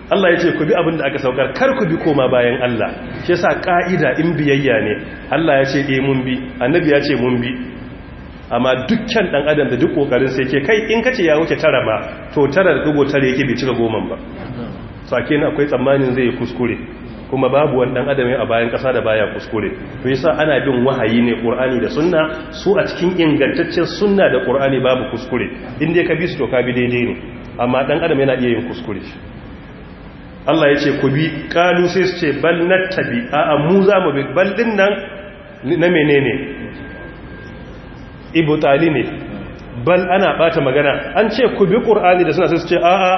Allah ya ce ku bi abin da aka saukar kar ku bi koma bayan Allah shi yasa ka'ida in biyayya ne Allah ya ce eh mun bi annabi ya ce mun bi amma dukkan dan adam da duk kokarin sai ke kai in kace ya wuce tara ma to tara da dubo tare yake bai cika goman ba sake ne akwai tsammanin zai kuskure kuma babu wani dan adam a bayan kasa da baya kuskure to yasa ana bin wahayi ne qur'ani da sunna su a cikin ingantaccen sunna da qur'ani babu kuskure in dai ka bi su to ka bi daidai ne amma dan adam yana iya yin kuskure Allah ya ce ku bi kalu sai su ce bal na tabi a mu za mu bi bal din nan na menene tali ne bal ana bata magana an ce ku bi qur'ani da suna sai su ce a a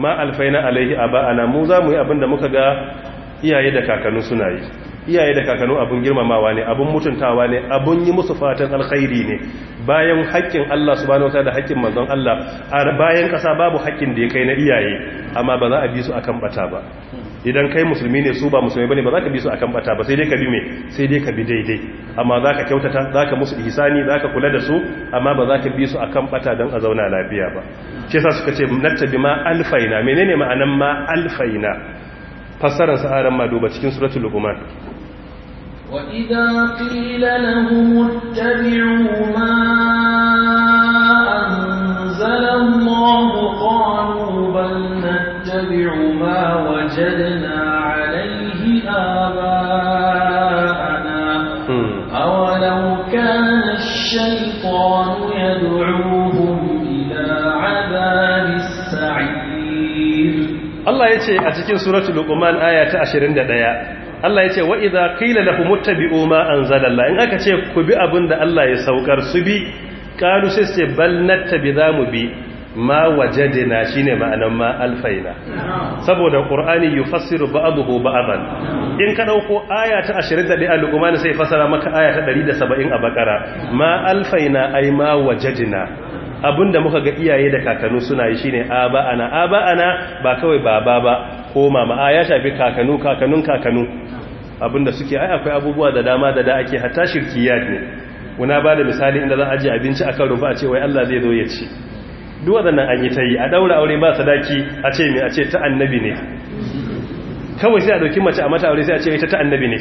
ma alfaina alaihi ba ana mu za mu yi abinda muka ga iyaye da kakannu suna yi iyaye da kakanu abun girmamawa ne abun mutuntawa ne abun yi musu fatan alkhairi ne bayan haƙƙin Allah subhanahu wataala da haƙƙin manzon Allah bayan ƙasa babu haƙƙin da ya kai na iyaye amma ba za a bi su akan bata ba idan kai musulmi ne su ba musulmi bane ba za ka bi su akan bata ba sai dai ka bi me sai dai ka bi daidai amma za ka kyautata za ka musu ihsani za ka kula da su amma ba za ka bi su akan bata don a zauna lafiya ba shi yasa suka ce nattabi ma alfaina menene ma'anan ma alfaina fassarar sa'aran ma duba cikin suratul luqman وإذا قيل لهم اتبعوا ما أنزل الله قالوا بل نتبع ما وجدنا عليه آباءنا hmm. أولو كان الشيطان يدعوهم إلى عذاب السعير الله يتي أتكين سورة لقمان آية 21 Allah ya ce wa idza qila lahum ittabi'u ma anzalallah in aka ce ku bi abin da Allah ya saukar su bi qalu sai ce bal nattabi zamu bi ma wajadna shine ma'anan ma alfaina saboda qur'ani yufassiru ba'dahu ba'dan in ka dauko aya ta ɗaya al-Qur'ani sai fasara maka aya ta 170 a bakara ma alfaina ai ma wajadna abinda muka ga iyaye da kakanu suna yi shine a ana aba ana ba kawai baba ba ko mama a ya shafi kakanu kakanun kakanu abinda suke ai akwai abubuwa da dama da da ake hatta shirkiyat ne muna ba da misali inda za a ji abinci akan rufa a ce wai Allah zai zo ya ci duk wannan an yi ta yi a ɗaura aure ba sadaki a ce me a ce ta annabi ne kawai sai a dauki mace a mata aure sai a ce ita ta annabi ne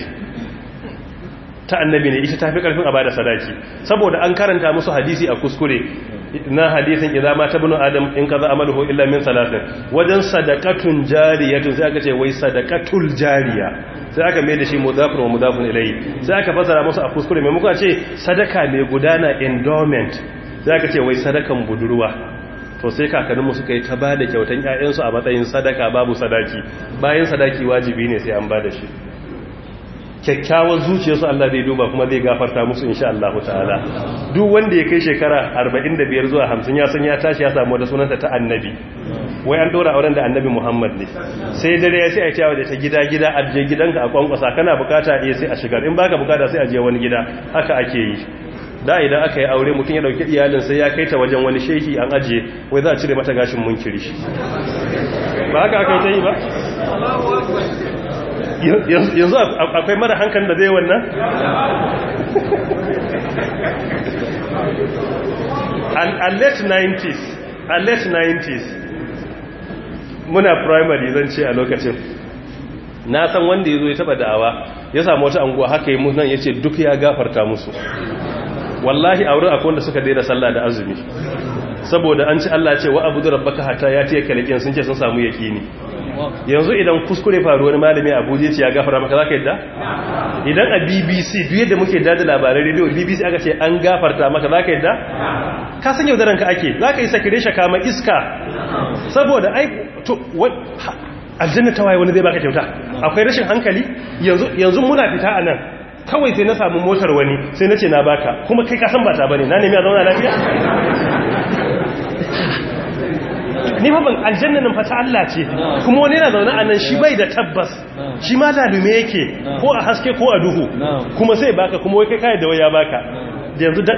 ta annabi ne ita ta fi ƙarfin a bada sadaki saboda an karanta musu hadisi a kuskure na hadisin idza ma tabnu adam in kaza amaluhu illa min salatin wajen sadaqatun jariyatun sai aka ce wai sadaqatul jariya sai aka mai da shi mudafun wa mudafun ilayhi sai aka fasara musu a kuskure mai muka ce sadaka mai gudana endowment sai aka ce wai sadakan budurwa to sai kakanninmu suka yi ta bada kyautan kyautan ƴaƴansu a matsayin sadaka babu sadaki bayan sadaki wajibi ne sai an bada shi kyakkyawar zuciyarsu Allah zai duba kuma zai gafarta musu insha Allah ta'ala duk wanda ya kai shekara 45 zuwa 50 ya san ya tashi ya samu wata sunanta ta annabi wai an dora auren da annabi Muhammad ne sai dare ya sai a tawa da ta gida gida a je gidanka a kwankwasa kana bukata a sai a shigar in baka bukata sai a je wani gida haka ake yi da idan aka yi aure mutum ya dauki iyalin sai ya kai ta wajen wani shehi an aje wai za a cire mata gashin munkiri ba haka aka yi ta yi ba yanzu akwai mara hankali da zai wannan a late 90s a late 90s muna primary zan ce a lokacin na san wanda ya zo ya taba da'awa ya samu wata anguwa haka yi munan ya ce duk ya gafarta musu wallahi a wurin akwai wanda suka daina sallah da azumi saboda an ci Allah ce wa abu rabbaka hata ya tiye kalikin sun ce sun samu yaƙini yanzu idan kuskure faru wani malami abuja ce ya gafara maka za ka yadda idan a bbc duk da muke dada labarai rediyo bbc aka ce an gafarta maka za ka yadda ka san yaudaran ka ake za ka yi sakire shaka ma iska saboda ai aljanna ta waye wani zai baka kyauta akwai rashin hankali yanzu muna fita a nan kawai sai na samu motar wani sai na ce na baka kuma kai kasan ba ta bane na nemi a zauna lafiya ni fa ban aljanna nan fa ta Allah ce kuma wani yana zaune a nan shi bai da tabbas shi ma lalume yake ko a haske ko a duhu kuma sai baka kuma wai kai kai da waya baka da yanzu da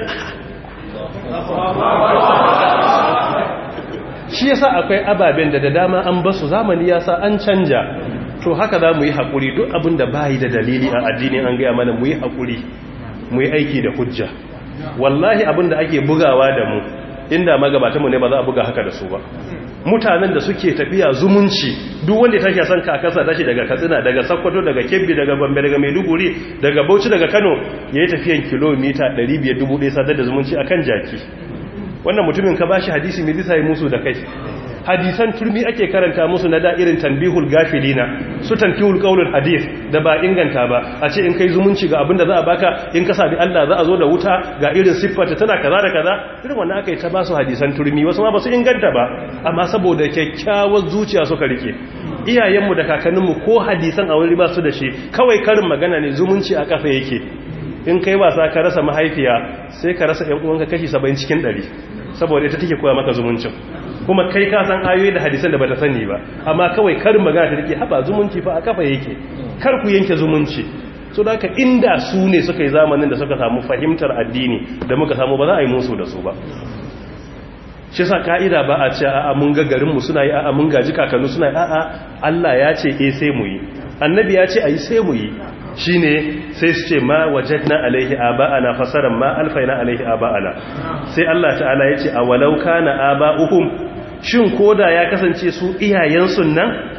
shi yasa akwai ababen da da dama an basu zamani yasa an canja to haka za mu yi haƙuri duk abin da bayi da dalili a addini an gaya mana mu yi haƙuri mu yi aiki da hujja wallahi abin da ake bugawa da mu inda magabatanmu ne ba za a buga haka da su ba mutanen da suke tafiya zumunci duk wanda take son ka kasa tashi daga Katsina daga Sokoto daga Kebbi daga Gombe daga Maiduguri daga Bauchi daga Kano yayi tafiyan kilomita 500 sadar da zumunci akan jaki wannan mutumin ka bashi hadisi mai bisa yi musu da kai hadisan turmi ake karanta musu na da'irin tanbihul gafilina su tankihul kaulul hadis da ba inganta ba a ce in kai zumunci ga abin da za a baka in ka sabi Allah za a zo da wuta ga irin siffata tana kaza da kaza irin wannan akai ta basu hadisan turmi wasu ma basu inganta ba amma saboda kyakkyawar zuciya suka rike iyayenmu da kakanninmu ko hadisan a wuri ba su da shi kawai karin magana ne zumunci a kafa yake in kai wasa ka rasa mahaifiya sai ka rasa ƴan uwanka kashi 70 cikin 100 saboda ita take koya maka zumuncin kuma kai ka san ayoyi da hadisan da bata sani ba amma kawai kar magana ta take haba zumunci fa a kafa yake kar ku yanke zumunci so da haka inda su ne suka yi zamanin da suka samu fahimtar addini da muka samu ba za a yi musu da su ba shi sa ka'ida ba a ce a'a mun ga garinmu suna yi a'a mun gaji kakannu suna yi a'a Allah ya ce eh sai mu yi annabi ya ce ayi sai mu yi shine sai su ce ma wajadna alaihi aba'ana fasaran ma alfaina alaihi aba'ana sai Allah ta'ala ya yace awalau kana aba'uhum shin koda ya kasance su iyayen sunnan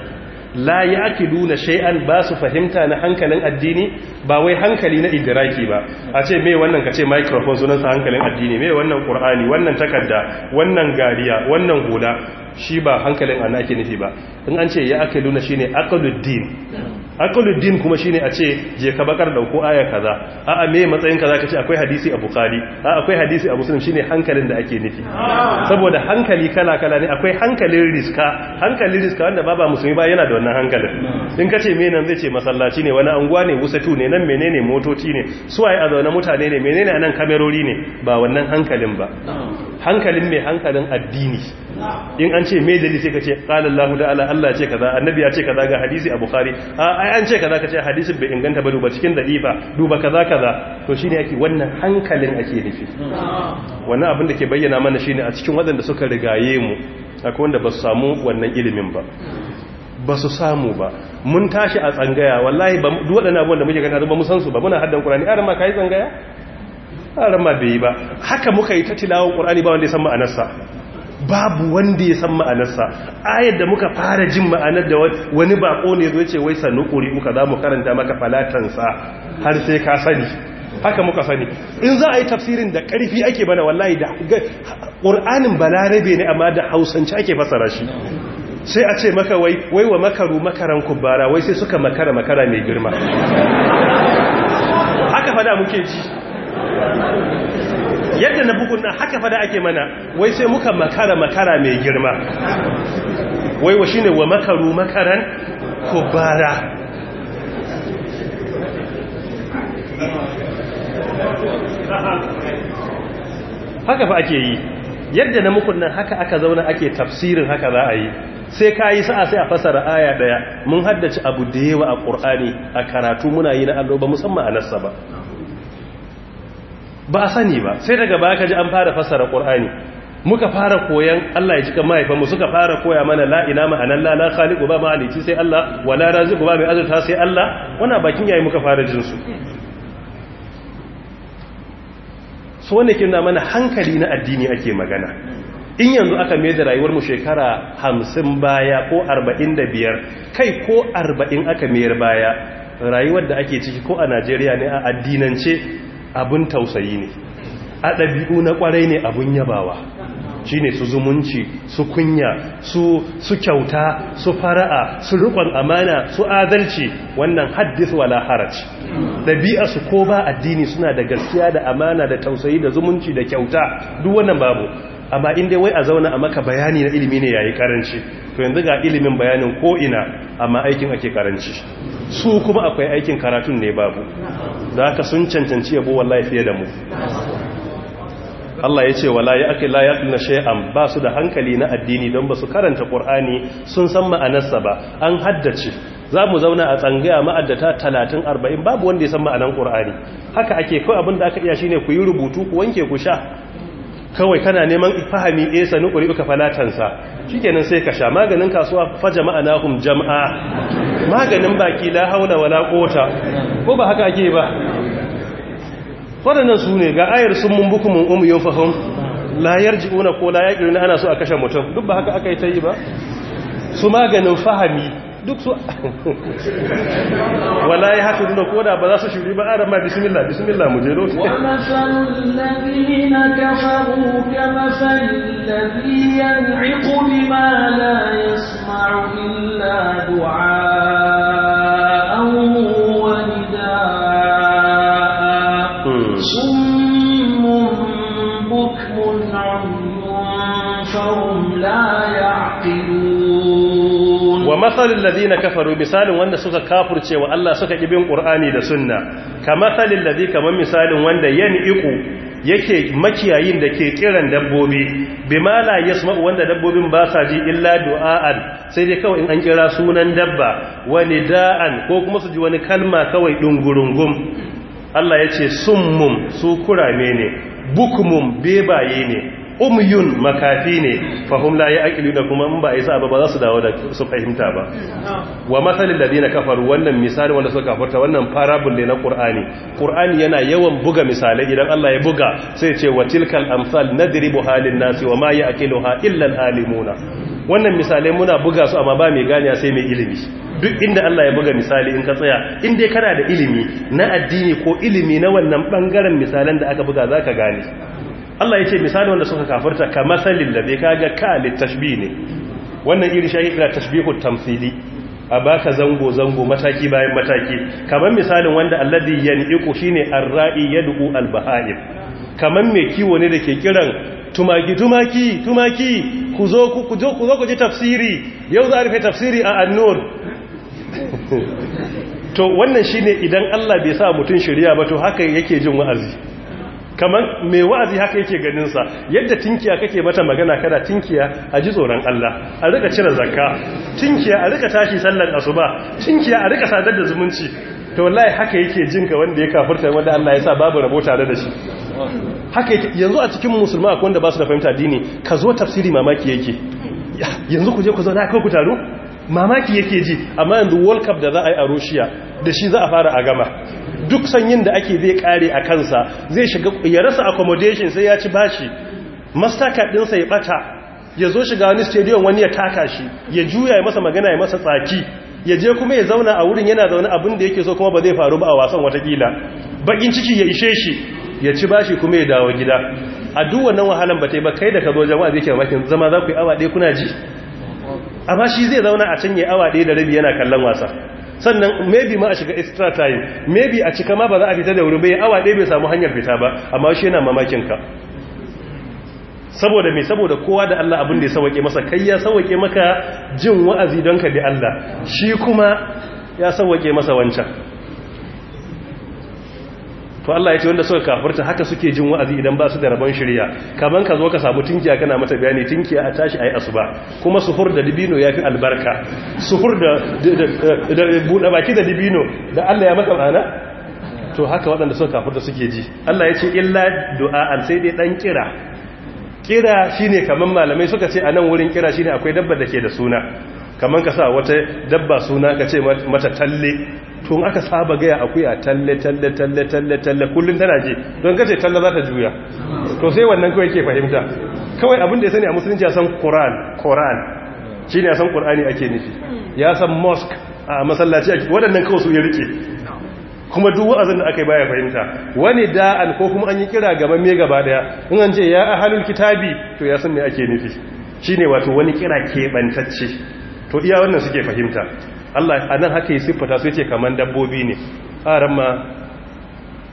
la nuna shay'an ba su fahimta na hankalin addini ba wai hankali na idraki ba a ce me wannan kace microphone sunan sa hankalin addini me wannan qur'ani wannan takarda wannan gariya wannan hula shi ba hankalin ana ke nufi ba in an ce ya aka luna shi ne akaluddin akaluddin kuma shi ne a ce je ka bakar dauko aya kaza a a me matsayin kaza ka ce akwai hadisi a bukari a akwai hadisi a musulun shi ne hankalin da ake nufi saboda hankali kala-kala ne akwai hankalin riska hankalin riska wanda ba musulmi ba yana da wannan hankalin in ka ce me zai ce masallaci ne wani anguwa ne wusatu ne nan menene motoci ne su suwaye a zaune mutane ne menene anan kamerori ne ba wannan hankalin ba hankalin mai hankalin addini in an ce mai dalili sai ka ce qala Allahu ta'ala Allah ce kaza annabi ya ce kaza ga hadisi a bukhari a ai an ce kaza ka ce hadisin bai inganta ba duba cikin ba duba kaza kaza to shine yake wannan hankalin ake nufi wannan abin da ke bayyana mana shine a cikin wadanda suka rigaye mu akwai wanda ba su samu wannan ilimin ba ba su samu ba mun tashi a tsangaya wallahi ba duk wadannan abubuwan da muke gana ba mu san su ba muna haddan Qur'ani aran ma kai tsangaya aran ma bai ba haka muka yi ta tilawon Qur'ani ba wanda ya san ma'anarsa babu wanda ya san ma'anarsa ayar da muka fara jin ma'anar da wani bako ne zai ce wai sannu ƙuri muka za mu karanta maka falatansa har sai ka sani haka muka sani in za a yi tafsirin da ƙarfi ake bana wallahi da ƙur'anin balarabe ne amma da hausance ake fasara shi sai a ce maka wai wai wa makaru makaran kubara wai sai suka makara makara mai girma haka fada muke ji yadda na bugun nan haka fada ake mana wai sai muka makara makara mai girma wai wa shine wa makaru makaran kubara haka fa ake yi yadda na mukun nan haka aka zauna ake tafsirin haka za a yi sai ka yi sa'a sai a fasara aya daya mun haddace abu da yawa a ƙur'ani a karatu muna yi na allo ba musamman a nassa ba ba a sani ba sai daga ba ka ji an fara fasara Kur'ani muka fara koyan Allah ya cika mahaifan mu suka fara koya mana la'ina ma'anar ma'anan la ba ma'alici sai Allah wa la raziqu ba mai azurta sai Allah wana bakin yayi muka fara jinsu. su so ne kin mana hankali na addini ake magana in yanzu aka mai da rayuwar mu shekara hamsin baya ko arba'in da biyar kai ko arba'in aka mayar baya rayuwar da ake ciki ko a Najeriya ne a addinance abin tausayi ne a ɗabi'u na ƙwarai ne abin yabawa shi ne su zumunci su kunya su kyauta su fara'a su riƙon amana su adalci wannan haddis wala haraj ɗabi'a su ko ba addini suna da gaskiya da amana da tausayi da zumunci da kyauta duk wannan babu amma in dai wai a zauna a maka bayani na ilimi ne yayi karanci to yanzu ga ilimin bayanin ko ina amma aikin ake karanci su kuma akwai aikin karatun ne babu Za ka sun cancanci yabo wallahi fiye da mu Allah ya ce wala ya ake ya na shay'an ba su da hankali na addini don ba su karanta Qur'ani sun san ma'anarsa ba an haddace za mu zauna a tsangaya ma'addata talatin arba'in babu wanda ya san ma'anar qur'ani haka ake kai abin da aka iya shine ku yi rubutu ku wanke ku sha kawai kana neman fahami ɗaya eh, sanu ƙuri ka falatansa shi kenan sai ka sha maganin kasuwa fa jama'a na jama'a maganin baki la haula wala kota ko ba haka ake ba waɗannan su ne ga ayar sun mun bukumin umuyun fahim la ji'una ko la yaƙiruna ana so a kashe mutum duk ba haka aka yi ta yi ba su maganin fahami duk su wala ya haka nuna koda ba za su shuri ba adam ma bismillah bismillah mu je lokaci wa masalul ladina kafaru kama salladhi yan'iqu bima la yasma'u illa du'a wa nidaa summun bukmun 'umyun fahum la ya'qilun masalin lazi na kafaru misalin wanda suka kafurce wa Allah suka ƙibin ƙur'ani da sunna ka matsalin lazi kamar misalin wanda yan iku yake makiyayin da ke kiran dabbobi bi la yasma'u wanda dabbobin ba sa ji illa du'a'an sai dai kawai in an kira sunan dabba wani da'an ko kuma su ji wani kalma kawai dungurungum Allah ya ce summum su kurame ne bukmum bebaye ne umyun makafi ne fahum la da kuma in ba a yi ba ba za su dawo da su fahimta ba wa mathalil ladina kafaru wannan misali wanda suka kafarta wannan farabul ne na qur'ani qur'ani yana yawan buga misalai idan Allah ya buga sai ce wa tilkal amsal nadribu halin nasi wa ma ha illan alimuna wannan misalai muna buga su amma ba mai gani sai mai ilimi duk inda Allah ya buga misali in ka tsaya in dai kana da ilimi na addini ko ilimi na wannan bangaren misalan da aka buga za ka gane Allah ya ce misali wanda suka kafirta ka masalin da bai kaga ka tashbi ne wannan irin shi kira tashbihut tamthili a baka zango zango mataki bayan mataki kamar misalin wanda alladhi yan'iqu shine ar-ra'i yad'u al-baha'im kamar mai kiwo ne ke kiran tumaki tumaki tumaki ku zo ku zo ku ji tafsiri yau za a rufe tafsiri a an to wannan shine idan Allah bai sa mutum shirya ba to haka yake jin wa'azi kamar mai wa'azi haka yake ganinsa yadda tinkiya kake mata magana kada tinkiya a ji tsoron Allah a rika cire zakka tinkiya a rika tashi sallar asuba tinkiya a rika sadar da zumunci ta wallahi haka yake jinka wanda ya kafurta wanda Allah ya sa babu rabo tare da shi haka yake yanzu a cikin musulma akwai wanda ba su da fahimta dini ka zo tafsiri mamaki yake yanzu ku je ku zauna kai ku taro mamaki yake ji amma yanzu world cup da za a yi a Russia da shi za a fara a gama duk sanyin da ake zai kare a kansa zai shiga ya rasa accommodation sai ya ci bashi mastercard dinsa ya bata ya zo shiga wani stadium wani ya taka shi ya juya ya masa magana ya masa tsaki ya je kuma ya zauna a wurin yana zaune abin da yake so kuma ba zai faru ba a wasan wata watakila bakin ciki ya ishe shi ya ci bashi kuma ya dawo gida a duk wannan wahalan ba ta yi ba kai da ka zo jama'a zai ke makin zama za ku yi awa ɗaya kuna ji amma shi zai zauna a can ya awa ɗaya da rabi yana kallon wasa sannan maybe ma a shiga extra time maybe a cika ma ba za a fita da wuri bai awa ɗaya bai samu hanyar fita ba amma shi yana mamakin ka saboda mai saboda kowa da Allah abin da ya sawake masa kai ya sawake maka jin wa'azi don ka bi Allah shi kuma ya sawake masa wancan to Allah ya ce wanda suka kafirta haka suke jin wa'azi idan ba su da rabon shirya kaman ka zo ka samu tinkiya kana mata bayani tinkiya a tashi ayi asuba kuma suhur da dibino yafi albarka suhur da buɗe baki da dibino da Allah ya maka ma'ana to haka waɗanda suka kafirta suke ji Allah ya ce illa du'a'an sai dai dan kira kira shine kaman malamai suka ce a nan wurin kira shine akwai dabba da ke da suna kaman ka sa wata dabba suna ka ce mata talle tun aka saba gaya akuya talle talle talle talle talle kullum tana je don kace talle za ta juya to sai wannan kawai ke fahimta kawai abin da ya sani a musulunci ya san Quran Quran ne ya san Qur'ani ake nufi ya san mosque a masallaci ake waɗannan kawai su ya rike kuma duk wa'azin da aka yi baya fahimta wani da'an ko kuma an yi kira gaban me gaba daya in an ce ya ahlul kitabi to ya san me ake nufi shine wato wani kira keɓantacce to iya wannan suke fahimta Allah a nan haka yi siffata su ce kamar dabbobi ne aran ma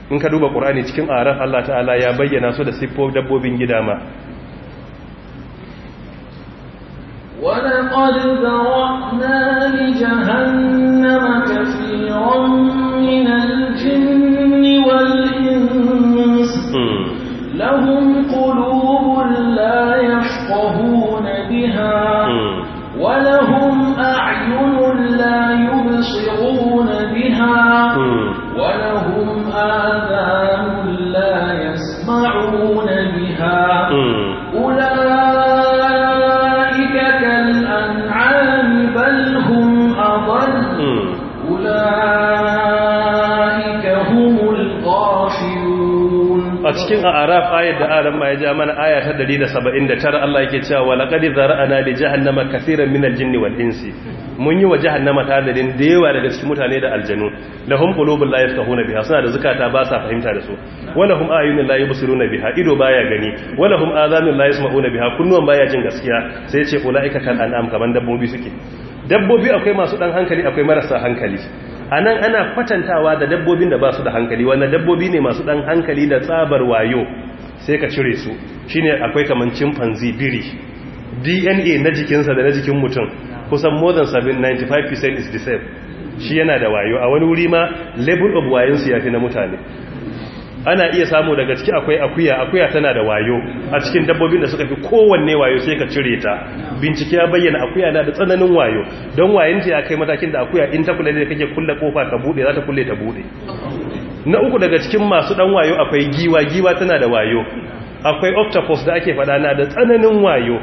in ka duba ƙur'ani cikin aran Allah ta'ala ya bayyana su da siffo dabbobin gida ma ولقد ذرأنا ayat da aran ma ya ja mana aya ta 179 Allah yake cewa walaqad zara'ana li jahannama kaseeran min al-jinni wal insi mun yi wa jahannama tadarin da yawa daga cikin mutane da aljanu lahum qulubun la yafqahuna biha suna da zakata ba sa fahimta da su walahum ayunun la yubsiruna biha ido baya gani walahum azanun la yasma'una biha kunnuwan baya jin gaskiya sai ya ce ulaika kal an'am kaman dabbobi suke dabbobi akwai masu dan hankali akwai marasa hankali a nan ana kwatantawa da dabbobin da ba su da hankali wanda dabbobi ne masu dan hankali da tsabar wayo sai ka cire su shine akwai kamancin chimpanzee biri dna na jikinsa da na jikin mutum kusan more than 95% is the same shi yana da wayo a wani wuri ma level of wayonsu ya fi na mutane ana iya samu daga ciki akwai akuya akuya tana da wayo a cikin dabbobin da suka fi kowanne wayo sai ka cire ta bincike ya bayyana akuya na da tsananin wayo don wayonta ya kai matakin da akuya in ta kula da kake kulle kofa ka bude za ta kulle ta bude na uku daga cikin masu dan wayo akwai giwa giwa tana da wayo akwai octopus da ake fada na da tsananin wayo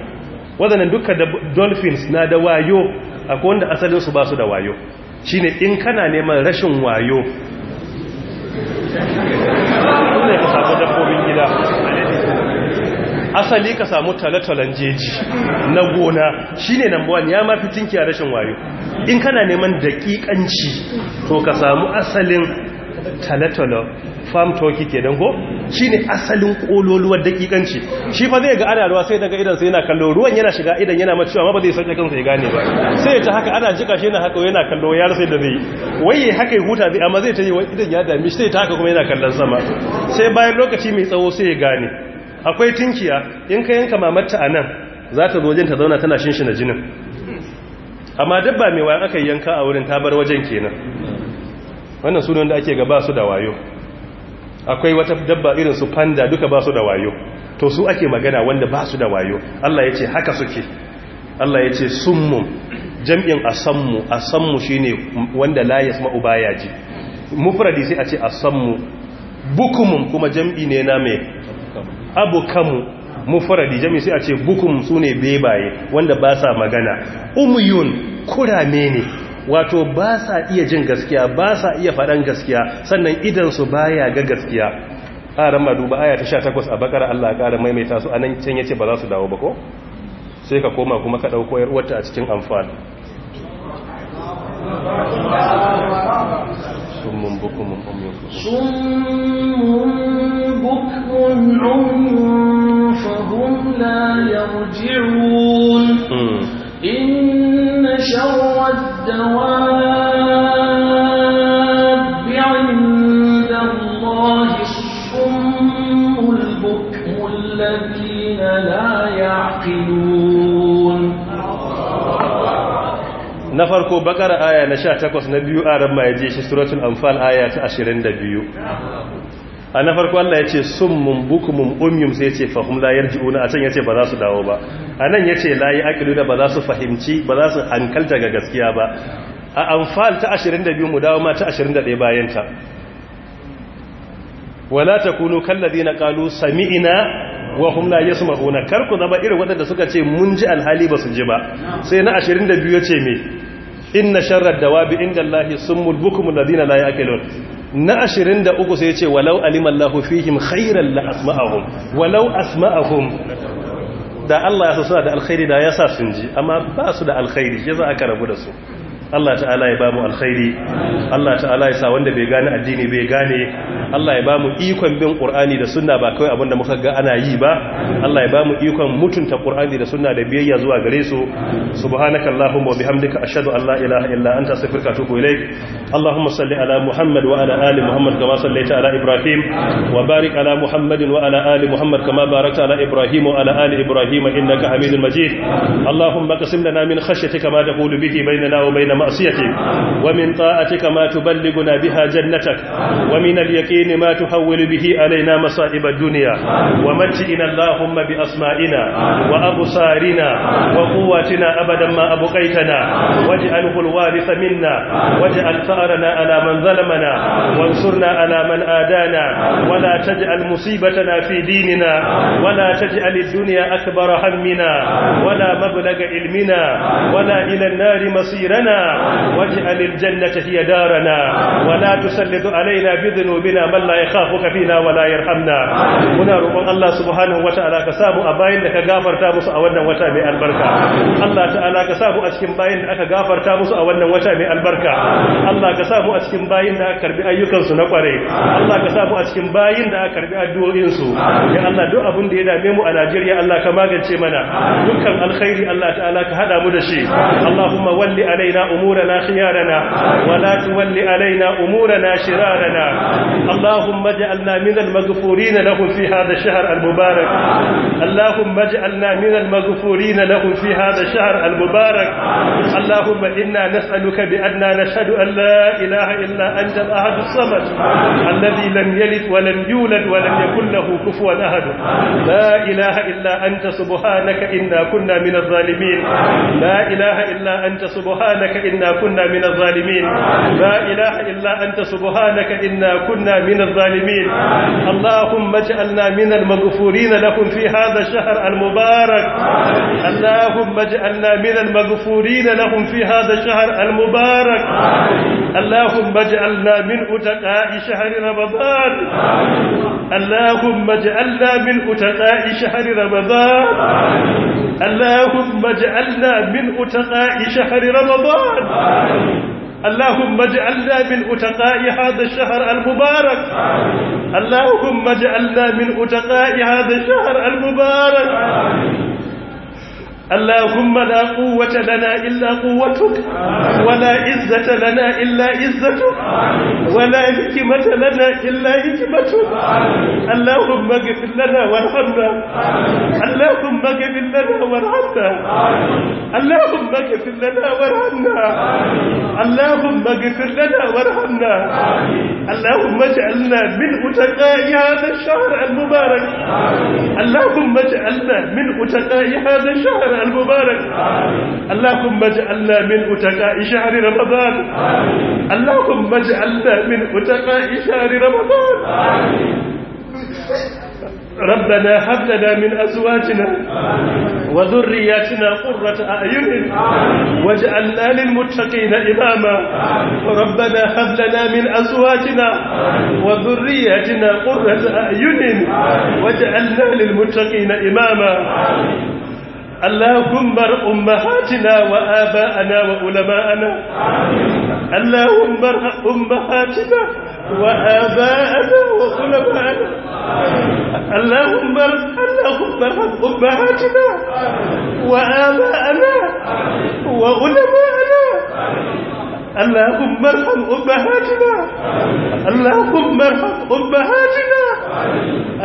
wadannan dukkan da dolphins na da wayo akwai wanda asalin su basu da wayo shine in kana neman rashin wayo ne ka samu dabbobin gida asali ka samu talatalan jeji na gona shine number 1 ya mafi tinki a rashin wayo in kana neman dakikanci to ka samu asalin talatalo farm turkey ke dango shi ne asalin kololuwar dakikanci shi fa zai ga ana ruwa sai daga sai yana kallo ruwan yana shiga idan yana macewa ma ba zai sauke kansa ya gane ba sai ta haka ana jika shi yana haka yana kallo ya rasa da zai waye haka ya huta zai amma zai ta yi wa idan ya dami sai ta haka kuma yana kallon sama sai bayan lokaci mai tsawo sai ya gane akwai tinkiya in ka yanka mamarta a nan za ta zo ta zauna tana shinshina jinin amma dabba mai wayan aka yanka a wurin tabar wajen kenan wannan sunan da ake gaba su da wayo akwai wata dabba irin su panda duka ba su da wayo to su ake magana wanda ba su da wayo Allah ya ce haka suke Allah ya ce sunmu jam'in a a sanmu shi shine wanda layas yasma'u baya ji mufradi sai a ce a sanmu bukumun kuma jam'i ne na mai abokanmu mufradi jam'i sai a ce su ne bebaye wanda ba sa magana umyun kurame ne wato ba sa iya jin gaskiya ba sa iya faɗan gaskiya sannan idansu ya ga gaskiya ƙaran ma duba aya ta sha takwas a bakar Allah ƙara maimaita su nan can yace ba za su dawo ba ko sai ka koma kuma ka ɗauko yar a cikin amfani إن شر الدواب عند na farko bakar aya na 18 na biyu aran ma yaje shi suratul anfal aya ta 22 a na farko Allah ya ce sun mumbuku mumumyum sai ya ce fahim la ji'una a can ya ce ba za su dawo ba a nan ya ce layi da ba za su fahimci ba za su hankalta ga gaskiya ba a anfal ta 22 mu dawo ma ta 21 wala ta wala takunu kalu qalu sami'na wa hum la yasma'una kar ku zama irin wadanda suka ce mun ji alhali ba su ji ba sai na 22 ya ce me inna sharrad dawabi inda Allah summul bukumul ladina la yaqilun na ashirin da uku sai ya ce walau alimallahu fihim khairan la asma'ahum walau asma'ahum da Allah ya sa suna da alkhairi da ya sa sun ji amma ba su da alkhairi ya za aka rabu da su Allah ta'ala ya bamu alkhairi Allah ta'ala ya sa wanda bai gane addini bai gane Allah ya bamu ikon bin Qur'ani da sunna ba kawai abinda muka ga ana yi ba Allah ya bamu ikon mutunta Qur'ani da sunna da biyayya zuwa gare su subhanakallahumma wa bihamdika ashhadu an la ilaha illa anta astaghfiruka wa atubu ilaik Allahumma salli ala Muhammad wa ala ali Muhammad kama sallaita ala Ibrahim wa barik ala Muhammad wa ala ali Muhammad kama barakta ala Ibrahim wa ala ali Ibrahim innaka Hamidul Majid Allahumma qasim lana min khashyatika ma taqulu bihi bainana wa bain معصيتك ومن طاعتك ما تبلغنا بها جنتك ومن اليقين ما تحول به علينا مصائب الدنيا ومتئنا اللهم بأسمائنا وأبصارنا وقواتنا أبدا ما أبقيتنا واجعله الوارث منا واجعل ثأرنا على من ظلمنا وانصرنا على من آدانا ولا تجعل مصيبتنا في ديننا ولا تجعل الدنيا أكبر همنا ولا مبلغ علمنا ولا إلى النار مصيرنا واجعل الجنة هي دارنا ولا تسلط علينا بذنوبنا من لا يخافك فينا ولا يرحمنا muna roƙon Allah subhanahu wata'ala ka samu a bayin da ka gafarta musu a wannan wata mai albarka Allah ta'ala ka samu a cikin bayin da aka gafarta musu a wannan wata mai albarka Allah ka samu a cikin bayin da aka karbi ayyukansu na kware Allah ka samu a cikin bayin da aka karbi addu'o'insu ya Allah duk abin da ya dame mu a Najeriya Allah ka magance mana dukkan alkhairi Allah ta'ala ka haɗa mu da shi Allahumma walli alaina أمورنا خيارنا ولا تول علينا أمورنا شرارنا اللهم اجعلنا من المغفورين لهم في هذا الشهر المبارك اللهم اجعلنا من المغفورين لهم في هذا الشهر المبارك اللهم إنا نسألك بأننا نشهد أن لا إله إلا أنت الأحد الصمد الذي لم يلد ولم يولد ولم يكن له كفوا أحد لا إله إلا أنت سبحانك إنا كنا من الظالمين لا إله إلا أنت سبحانك إنا كنا من الظالمين لا إله إلا أنت سبحانك إنا كنا من الظالمين اللهم اجعلنا من المغفورين لكم في هذا الشهر المبارك اللهم اجعلنا من المغفورين لهم في هذا الشهر المبارك اللهم اجعلنا من أتقاء شهر رمضان اللهم اجعلنا من أتقاء شهر رمضان اللهم اجعلنا من أتقاء شهر رمضان اللهم اجعلنا من أتقاء هذا الشهر المبارك اللهم اجعلنا من أتقاء هذا الشهر المبارك اللهم لا قوة لنا إلا قوتك ولا عزة لنا إلا عزتك ولا حكمة لنا إلا حكمتك اللهم اغفر لنا وارحمنا اللهم اغفر لنا وارحمنا اللهم اغفر لنا وارحمنا اللهم اغفر لنا وارحمنا اللهم اجعلنا من أتقاء هذا الشهر المبارك اللهم اجعلنا من أتقاء هذا الشهر المبارك اللهم اجعلنا من أتقاء شهر رمضان اللهم اجعلنا من أتقاء شهر رمضان ربنا هب لنا من أزواجنا وذرياتنا قرة أعين واجعلنا للمتقين إماما ربنا هب لنا من أزواجنا وذرياتنا قرة أعين واجعلنا للمتقين إماما اللهم ار أمهاتنا وآباءنا وعلماءنا اللهم ار أمهاتنا وآباءنا وعلماءنا اللهم ار اللهم ار أمهاتنا وآباءنا وعلماءنا اللهم ارحم أمهاتنا اللهم ارحم أمهاتنا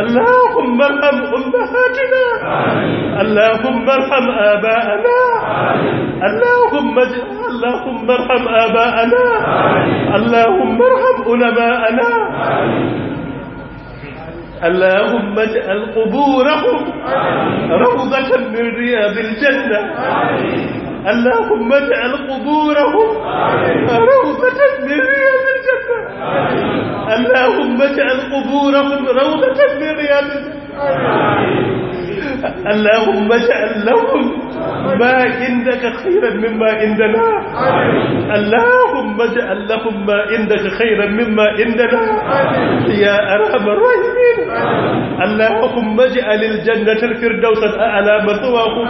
اللهم ارحم أمهاتنا اللهم ارحم آباءنا اللهم اللهم ارحم آباءنا اللهم ارحم علماءنا اللهم اجعل قبورهم روضة من رياض الجنة اللهم اجعل قبورهم روضة من رياض الجنة اللهم اجعل قبورهم روضة من رياض الجنة اللهم اجعل لهم ما عندك خيرا مما عندنا اللهم اجعل لهم ما عندك خيرا مما عندنا يا ارحم الراحمين اللهم اجعل الجنة الفردوس الأعلى مثواهم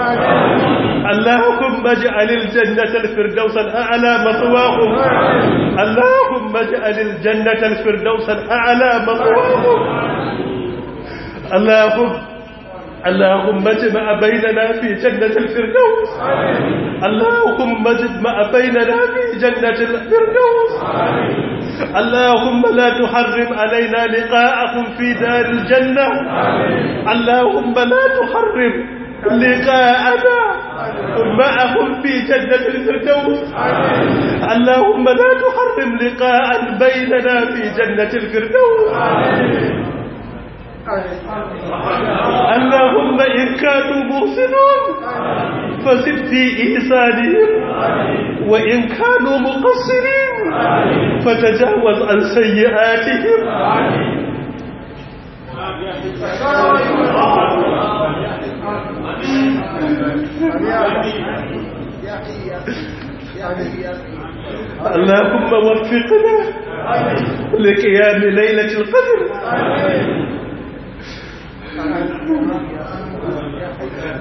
اللهم اجعل الجنة الفردوس الأعلى مثواهم اللهم اجعل الجنة الفردوس الأعلى مثواهم اللهم اللهم اجمع بيننا في جنة الفردوس اللهم اجمع بيننا في جنة الفردوس اللهم لا تحرم علينا لقاءكم في دار الجنة اللهم لا تحرم لقاءنا معهم في جنة الفردوس اللهم لا تحرم لقاء بيننا في جنة الفردوس اللهم إن كانوا محسنون فزد في إحسانهم وإن كانوا مقصرين فتجاوز عن سيئاتهم اللهم وفقنا لقيام ليلة القدر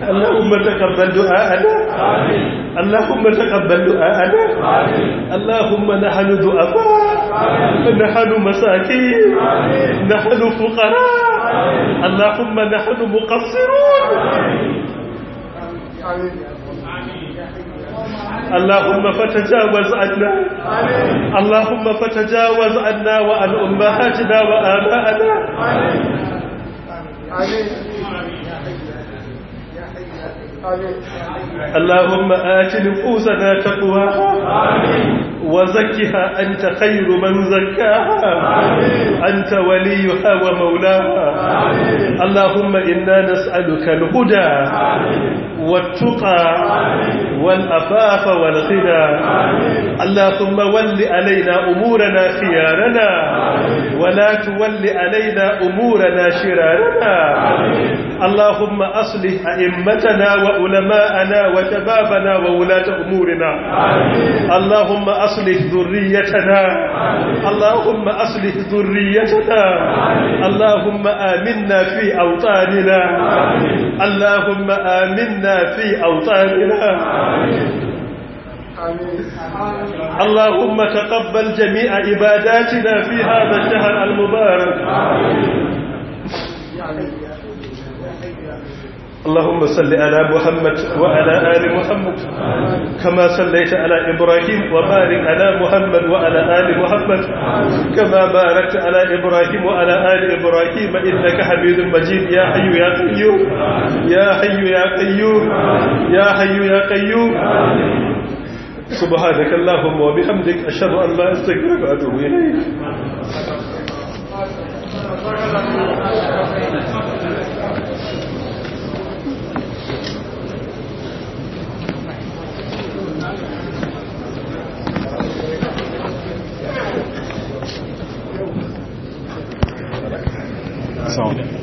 اللهم تقبل دعاءنا اللهم تقبل دعاءنا اللهم نحن ضعفاء نحن مساكين نحن فقراء اللهم نحن مقصرون اللهم فتجاوز عنا اللهم فتجاوز عنا وعن امهاتنا وابائنا اللهم آت نفوسنا تقواها وزكها أنت خير من زكاها أنت وليها ومولاها اللهم إنا نسألك الهدى والتقى والأفاف والغنى اللهم ول علينا أمورنا خيارنا ولا تول علينا أمورنا شرارنا اللهم أصلح أئمتنا وعلماءنا وشبابنا وولاة أمورنا اللهم أصلح ذريتنا اللهم أصلح ذريتنا اللهم آمنا في أوطاننا اللهم آمنا في أوطاننا اللهم تقبل جميع عباداتنا في هذا الشهر المبارك اللهم صل على محمد وعلى آل محمد كما صليت على إبراهيم وبارك على محمد وعلى آل محمد كما باركت على إبراهيم وعلى آل إبراهيم إنك حميد مجيد يا حي يا قيوم يا حي يا قيوم يا حي يا قيوم سبحانك اللهم وبحمدك أشهد أن لا أستغفرك وأتوب إليك So.